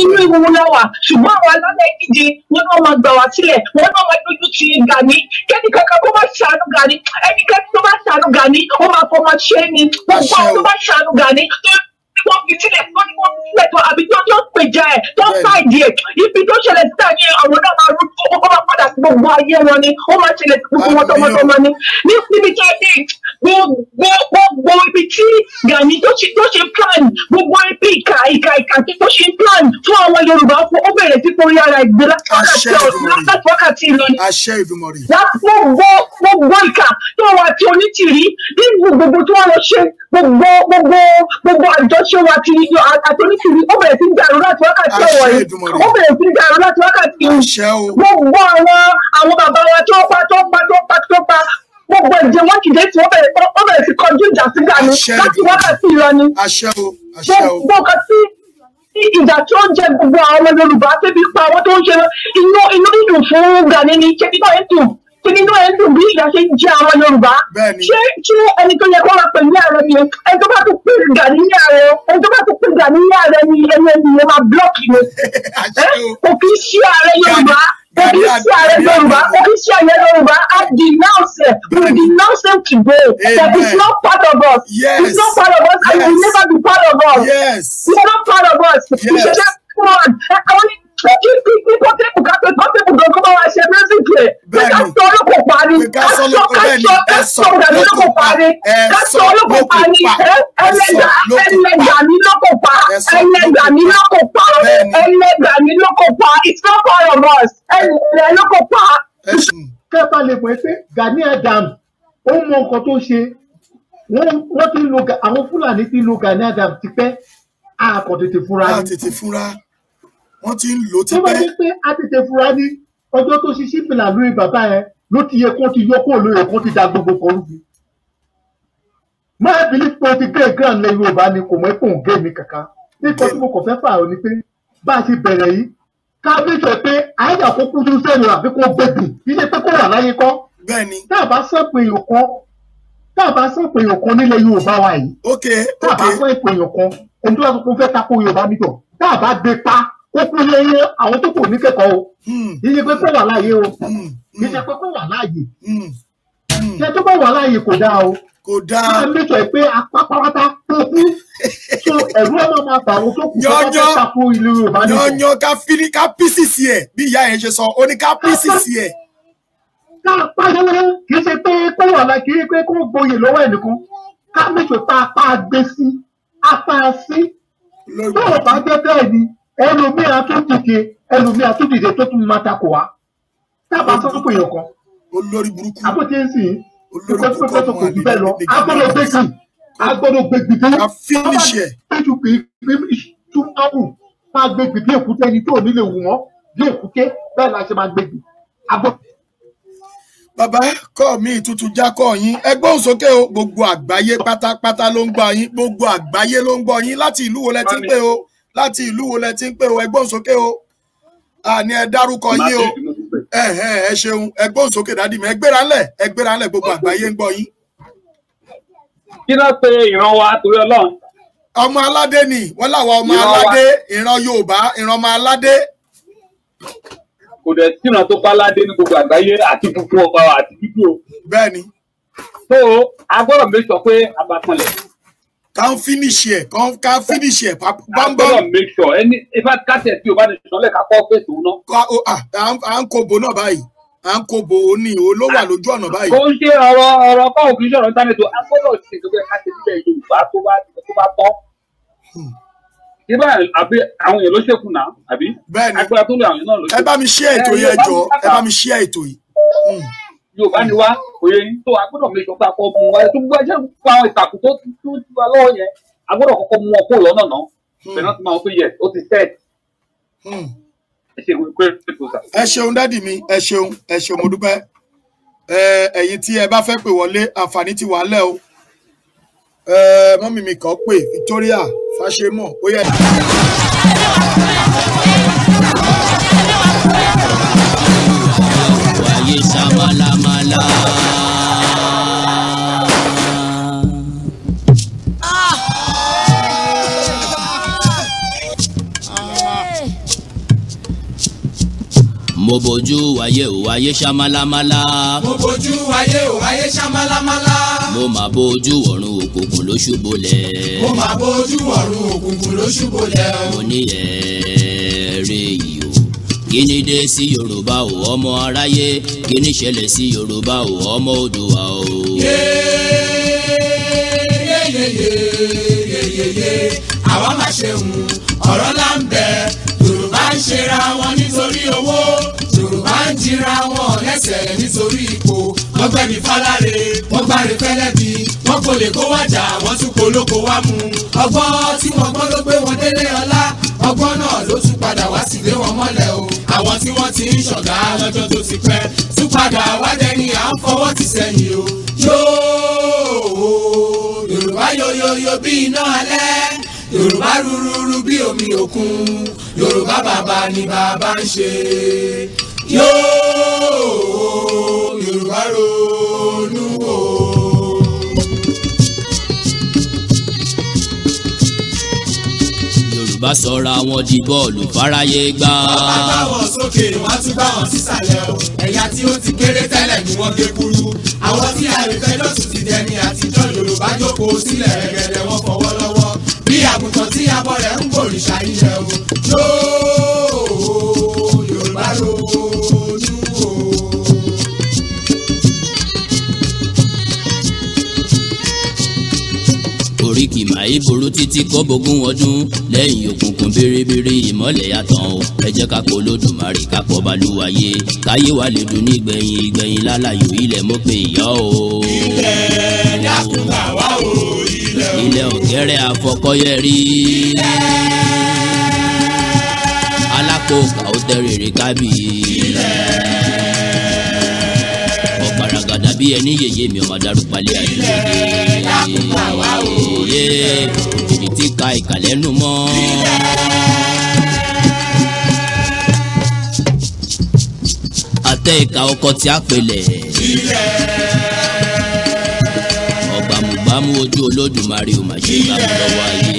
inú ewu la wà ṣùgbọ́n àwọn alálẹ̀ ìdíje wọn náà máa gbà wá sílẹ̀ wọn náà máa dojú ti Gani kẹ́ni kankan kó má ṣàánú Gani ẹnikẹ́ni tó bá ṣàánú Gani ó máa fọmọ ṣe ni gbogbo àwọn tó bá ṣàánú Gani tó wọ́n fi sílẹ̀ wọ́n ní wọ́n fi sílẹ̀ tó àbí tó tó pèjà ẹ̀ tó ṣáìdì ẹ̀ ibi tó ṣẹlẹ̀ sí àyè ọ̀rọ̀ náà máa rú ó máa padà sí gbogbo ayé wọn ni ó máa ṣẹlẹ̀ sí gbogbo wọn tọmọtọmọ ni níbi tó dé gbogbo gbogbo ibi tí Gani tó ṣe tó ṣe plan gbogbo ibi ìka ìka ìka tí tó ṣe plan fún àwọn Yorùbá fún ó bẹ̀rẹ̀ sí forí ara ìgbé láti wákàtí Ìlọrin láti gbogbo gbogbo ìka tó wà tí onítìrí ṣe wà kiri àtòníṣìírí ó bẹ̀rẹ̀ sí dàrú láti wákàtí ọ̀wọ̀ yìí ó bẹ̀rẹ̀ sí dàrú láti wákàtí yìí gbogbo àwọn àwọn bàbá wa tó pa tó pa tó pa tó pa gbogbo ẹ̀jẹ̀ wọn kìdé tí ó bẹ̀rẹ̀ sí kọjú ìjà sí gani láti wákàtí ìlọ gbogbo nǹkan tí ìjà tí ó ń jẹ gbogbo àwọn Yorùbá tẹ́bi pa àwọn tó ń ṣe inú inú dídùn fún gani ni ṣe bí báyìí tinúdú ẹ ń dùn bí ìyá ṣe ń jẹ àwọn yorùbá ṣé ṣé ẹni tó yẹ kó wá pẹ̀lú ààrẹ ni ẹni tó bá tún pè gà ní ààrẹ ẹni tó bá tún pè gà ní ààrẹ ni ẹni ẹni yẹn máa blọọkì ni kò kì í ṣe ààrẹ yorùbá kò kì í ṣe ààrẹ yorùbá kò kì í ṣe ààrẹ yorùbá i denounce it we denounce it today that it's not part of us yes. it's not part of us yes. and it will never be part of us yes. it's not part of us yes. we should just come on i want to kí Portable kápẹ́ Portable gan kó bá wa ṣe music ẹ̀ ká sọ olóko parí ká sọ ká sọ ọ̀dàmí lóko parí ká sọ olóko parí ẹlẹ́dà ẹlẹ́dà mi lóko pa ẹlẹ́dà mi lóko pa ẹlẹ́dà mi lóko pa it's not part of us ẹlẹ́dà lóko pa. kẹfà lè pẹ́ pé Gani Adams ó mọ nǹkan tó ṣe wọ́n ti lo àwọn Fúlàní ti lo Gani Adams tipẹ́ àkọ́tètè fúnra. àkọ́tètè fúnra wọ́n ti ń lò ó ti pẹ́. tó bá jẹ́ pé a tètè fura ní ọjọ́ tó ṣiṣẹ́ ìpìlà lórí bàbá yẹn ló ti yẹ kó ti yọ kó lóye kó ti da gbogbo kan rúbi. máa bìlí pé o ti gé gan lẹ Yorùbá ni kò mọ ipò ń gé mi kankan nípa tí mo kàn fẹ́ pààrọ̀ ni pé bá a ti bẹ̀rẹ̀ yìí ká bí sọ pé àyàjà kó kú sí sẹ́nu àbí kó gbẹ̀dù ilé pé kó wà láyé kọ́. bẹ́ẹ̀ni. tá a bá sọ̀pọ̀ èèyàn èèyàn kan nílẹ̀ Yorùbá wa yìí. ok ok tá a bá sọ̀pọ̀ èèyàn kan ẹni tó bá sọ pé ó fẹ́ tako Yorùbá nìjọ tá a bá gbé pa ó kú lẹ́yìn àwọn tó kù ní kẹ́kọ̀ọ́ o iye pé kó wà láàyè o kì í ṣe pé kó wà láàyè hmm. ṣe hmm. Hmm. tó bá wà láàyè kò dáa o kò dáa ṣe mẹ́tọ̀ ẹ̀ pé apápáwátá tó kú so ẹ̀rú ọmọ máa bà wọ́n tó kù tó bá tako ìlú Yorùbá nìkan. yanyan ká fili ká písìsì ẹ bí ìyá yẹn ṣe sọ ó ní ká písìsì ẹ. ká pàṣẹwọ́n kì í ṣe pé kó wà láàyè kì í ṣe pé kó gboyè lọ́wọ́ ẹ̀ nìkan ká mẹ́tọ̀ pa apá gbé sí apá sí tó o bá jẹ́ bẹ́ẹ̀ ni ẹlòmíì àtúndìde ẹlòmíì àtúndìde tó tún máa takò wá tábà sọ fún èèyàn kan àbótí ń sìn ìkọ́sí pé pẹ́sọ̀ kò jù bẹ́ẹ̀ lọ agbọ́dọ̀ gbé kì agbọ́dọ̀ gbé gbìdé péjú kì í tún máa gbé gbìdé èkúté ẹni tó nílé wù wọ́n bí èkúté bẹ́ẹ̀ la ṣe máa gbé gbì Bàbá kọ́ mi ìtutù jákọ́ yín ẹgbọ́n sókè gbogbo àgbáyé pátápátá ló ń gbọ́ yín gbogbo àgbáyé ló ń gbọ́ yín láti ìlú wo lẹ ti ń pè o láti ìlú wo lẹ ti ń pè o ẹgbọ́n sókè o àní ẹ dárúkọ yín o ẹ ṣeun ẹgbọ́n sókè dádì mi ẹgbẹ́ra ńlẹ̀ ẹgbẹ́ra ńlẹ̀ gbogbo àgbáyé ń gbọ́ yín. kí ló pe ìran wa torí ọlọ́run. ọmọ aládé ni wọn làwọn ọmọ aládé ìran yorùbá ìran ọmọ aládé. kò dẹ̀ síran tó pa aládé ní gbogbo àgbáyé àti funfun ọba àti dúdú o. bẹ́ẹ̀ni. tó a gbọ́dọ̀ méjì sọ pé abakanlẹ̀ kàn finish ẹ̀ kàn kàn finish ẹ̀ bámbá. a gbọ́dọ̀ make sure ẹni ifá kásẹ̀ tí o bá ní sọ́lẹ̀ ká kọ́ fèsì òun náà. à ń kobo náà báyìí à ń kobo òní ló wà lójú ọ̀nà báyìí. kò ń ṣe ọ̀rọ̀ ọ̀rọ̀ báwo kì í ṣọ̀rọ̀ ìtánẹ̀tò a gbọ́dọ̀ ṣe ìgbẹ́ ká ṣe sílẹ̀ Yorùbá tó bá tó bá tọ́. ibà hmm. àbí àwọn èèyàn ló ṣèkù náà àbí. bẹ́ẹ̀ni agbára tó lè àwọn èèyàn náà ló ṣèkù. ẹ bá mi share ètò yìí ẹ jọ̀ọ́ ẹ bá mi share ètò yìí. Hmm yorùbá ni wá òye yín tó a gbọ́dọ̀ méjọ pa kọ mu ẹ tó gbọ́ ẹjẹ pa ìtàkùn tó tó ti wá lọ́wọ́ yẹn a gbọ́dọ̀ kọ́kọ́ mú ọkọ lọ́nà náà hmm. bẹ́ẹ̀ náà ti máa wọ pé yẹ ó ti tẹ hmm. ẹ ṣeun dádì mi ẹ ṣeun ẹ ṣeun mo dúpẹ́ ẹ̀yin tí ẹ bá fẹ́ pè wọlé àǹfààní ti wà á lẹ̀ o mọ́mì mi kàn pè Victoria Fáṣemọ̀ ó yẹ. mo bójú ayé ò ayé ṣamálámálá. mo bójú ayé ò ayé ṣamálámálá. mo máa bójú ọ̀run òkùnkùn ló ṣubọlẹ̀. mo máa bójú ọ̀run òkùnkùn ló ṣubọlẹ̀. mo ní ẹ̀ẹ́rẹ́ yìí o kíni dé sí Yorùbá o ọmọ aráyé kíni ṣẹlẹ̀ sí Yorùbá o ọmọ Oòduà o. yeyeyeyeyeyeye àwa máa dira wọn lẹ́sẹ̀ nítorí ipò wọ́n gbẹ́ni fálárè wọ́n gbáre pẹ́lẹ́bí wọ́n kò lè kó wájà wọ́n tún polóko wá mú. ọgbọ́n tí wọ́n gbọ́n ló gbé wọn délé ọlá ọgbọ́n náà ló tún padà wá sí lé wọn mọ́lẹ̀ o àwọn tí wọ́n ti ń ṣọ̀gá lọ́jọ́ tó ti pẹ́ tún padà wájẹ́ ni à ń fọwọ́ ti sẹ́yìn o. yóò yorùbá yoyoyo bí iná alẹ́ yorùbá rúrúrú bí omi òkun yorùbá bàbá ni bàbá ń ṣe yóò Yorùbá ronú o. Yorùbá sọra wọn di bọ́ọ̀lù fáráyé gbá. bàbá bá wọn sókè wọn tún bá wọn sísàlẹ̀ o ẹ̀yà tí ó ti kéré tẹ́lẹ̀ ni wọ́n gé kúrú àwọn tí àìfẹ́jọ́ sì ti dẹni àtijọ́ Yorùbá jókòó sílẹ̀ rẹ̀gẹ̀dẹ̀ wọn fọwọ́ lọ́wọ́ bí àgùntàn tí abọ́ rẹ̀ ń gbòrìṣà ilẹ̀ o yóò. oríkì màáyé ború títí kọ́bọ̀gún ọdún lẹ́yìn òkùnkùn bèrèbèrè ìmọ́lẹ̀ àtàn o ẹ jẹ́ ká pọ̀ lódùmarè ká pọ̀ balùwàyè káyé wa lè dùn ní gbẹ̀yìn gbẹ̀yìn lálàyò ilẹ̀ mọ́ pé ìyá o. ilẹ̀ dákúnbà wá o ilẹ̀ o. ilẹ̀ ọ̀gẹ́rẹ́ àfọkọ́yẹ rí. ilẹ̀ alákòókà ó tẹ̀rẹ̀rẹ̀ kábì. ẹni yèyé mi ọ̀mà dárúkpalẹ̀ àdúgbò dé. ilẹ̀ dákúnbà èyí tí ka ìkàlẹ́ mọ́. àtẹ ìka ọkọ tí a pèlè. ọ̀gbàmùgbàmù ojú olódùmarè ò mà ṣe gbàmù ayé.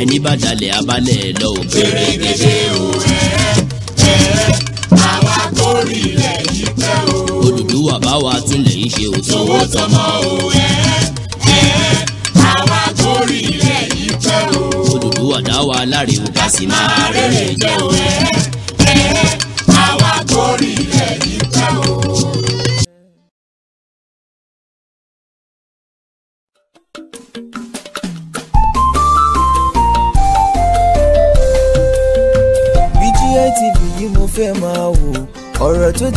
ẹni bá dalẹ̀ abalẹ̀ lọ òkèrè gèdè o. ò tówó tọmọ o ẹ ẹ àwa gorí ilẹ̀ yìí pẹ́ o. Odùduwà dá wa láre o jẹ́ o ẹ.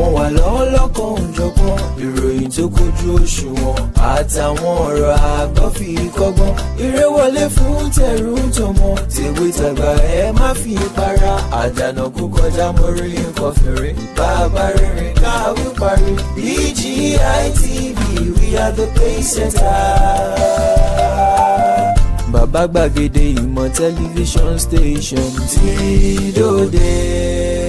wọ́n wà lọ́wọ́ lọ́kàn òjọ̀kan ìròyìn tó kójú òṣùwọ̀n àtàwọn ọ̀rọ̀ àgbọ́ fi kọ́gbọ́n eré wọlé fún tẹ̀rù tọmọ tèwe tàgbà ẹ má fi para àdànà kó kọjá mọ́rí nǹkan fèrè bàbá rìnrìn káwí parí BGI TV we are the pace setter bàbá gbàgede ìmọ̀ tẹlifíṣọ̀n station tí dòde.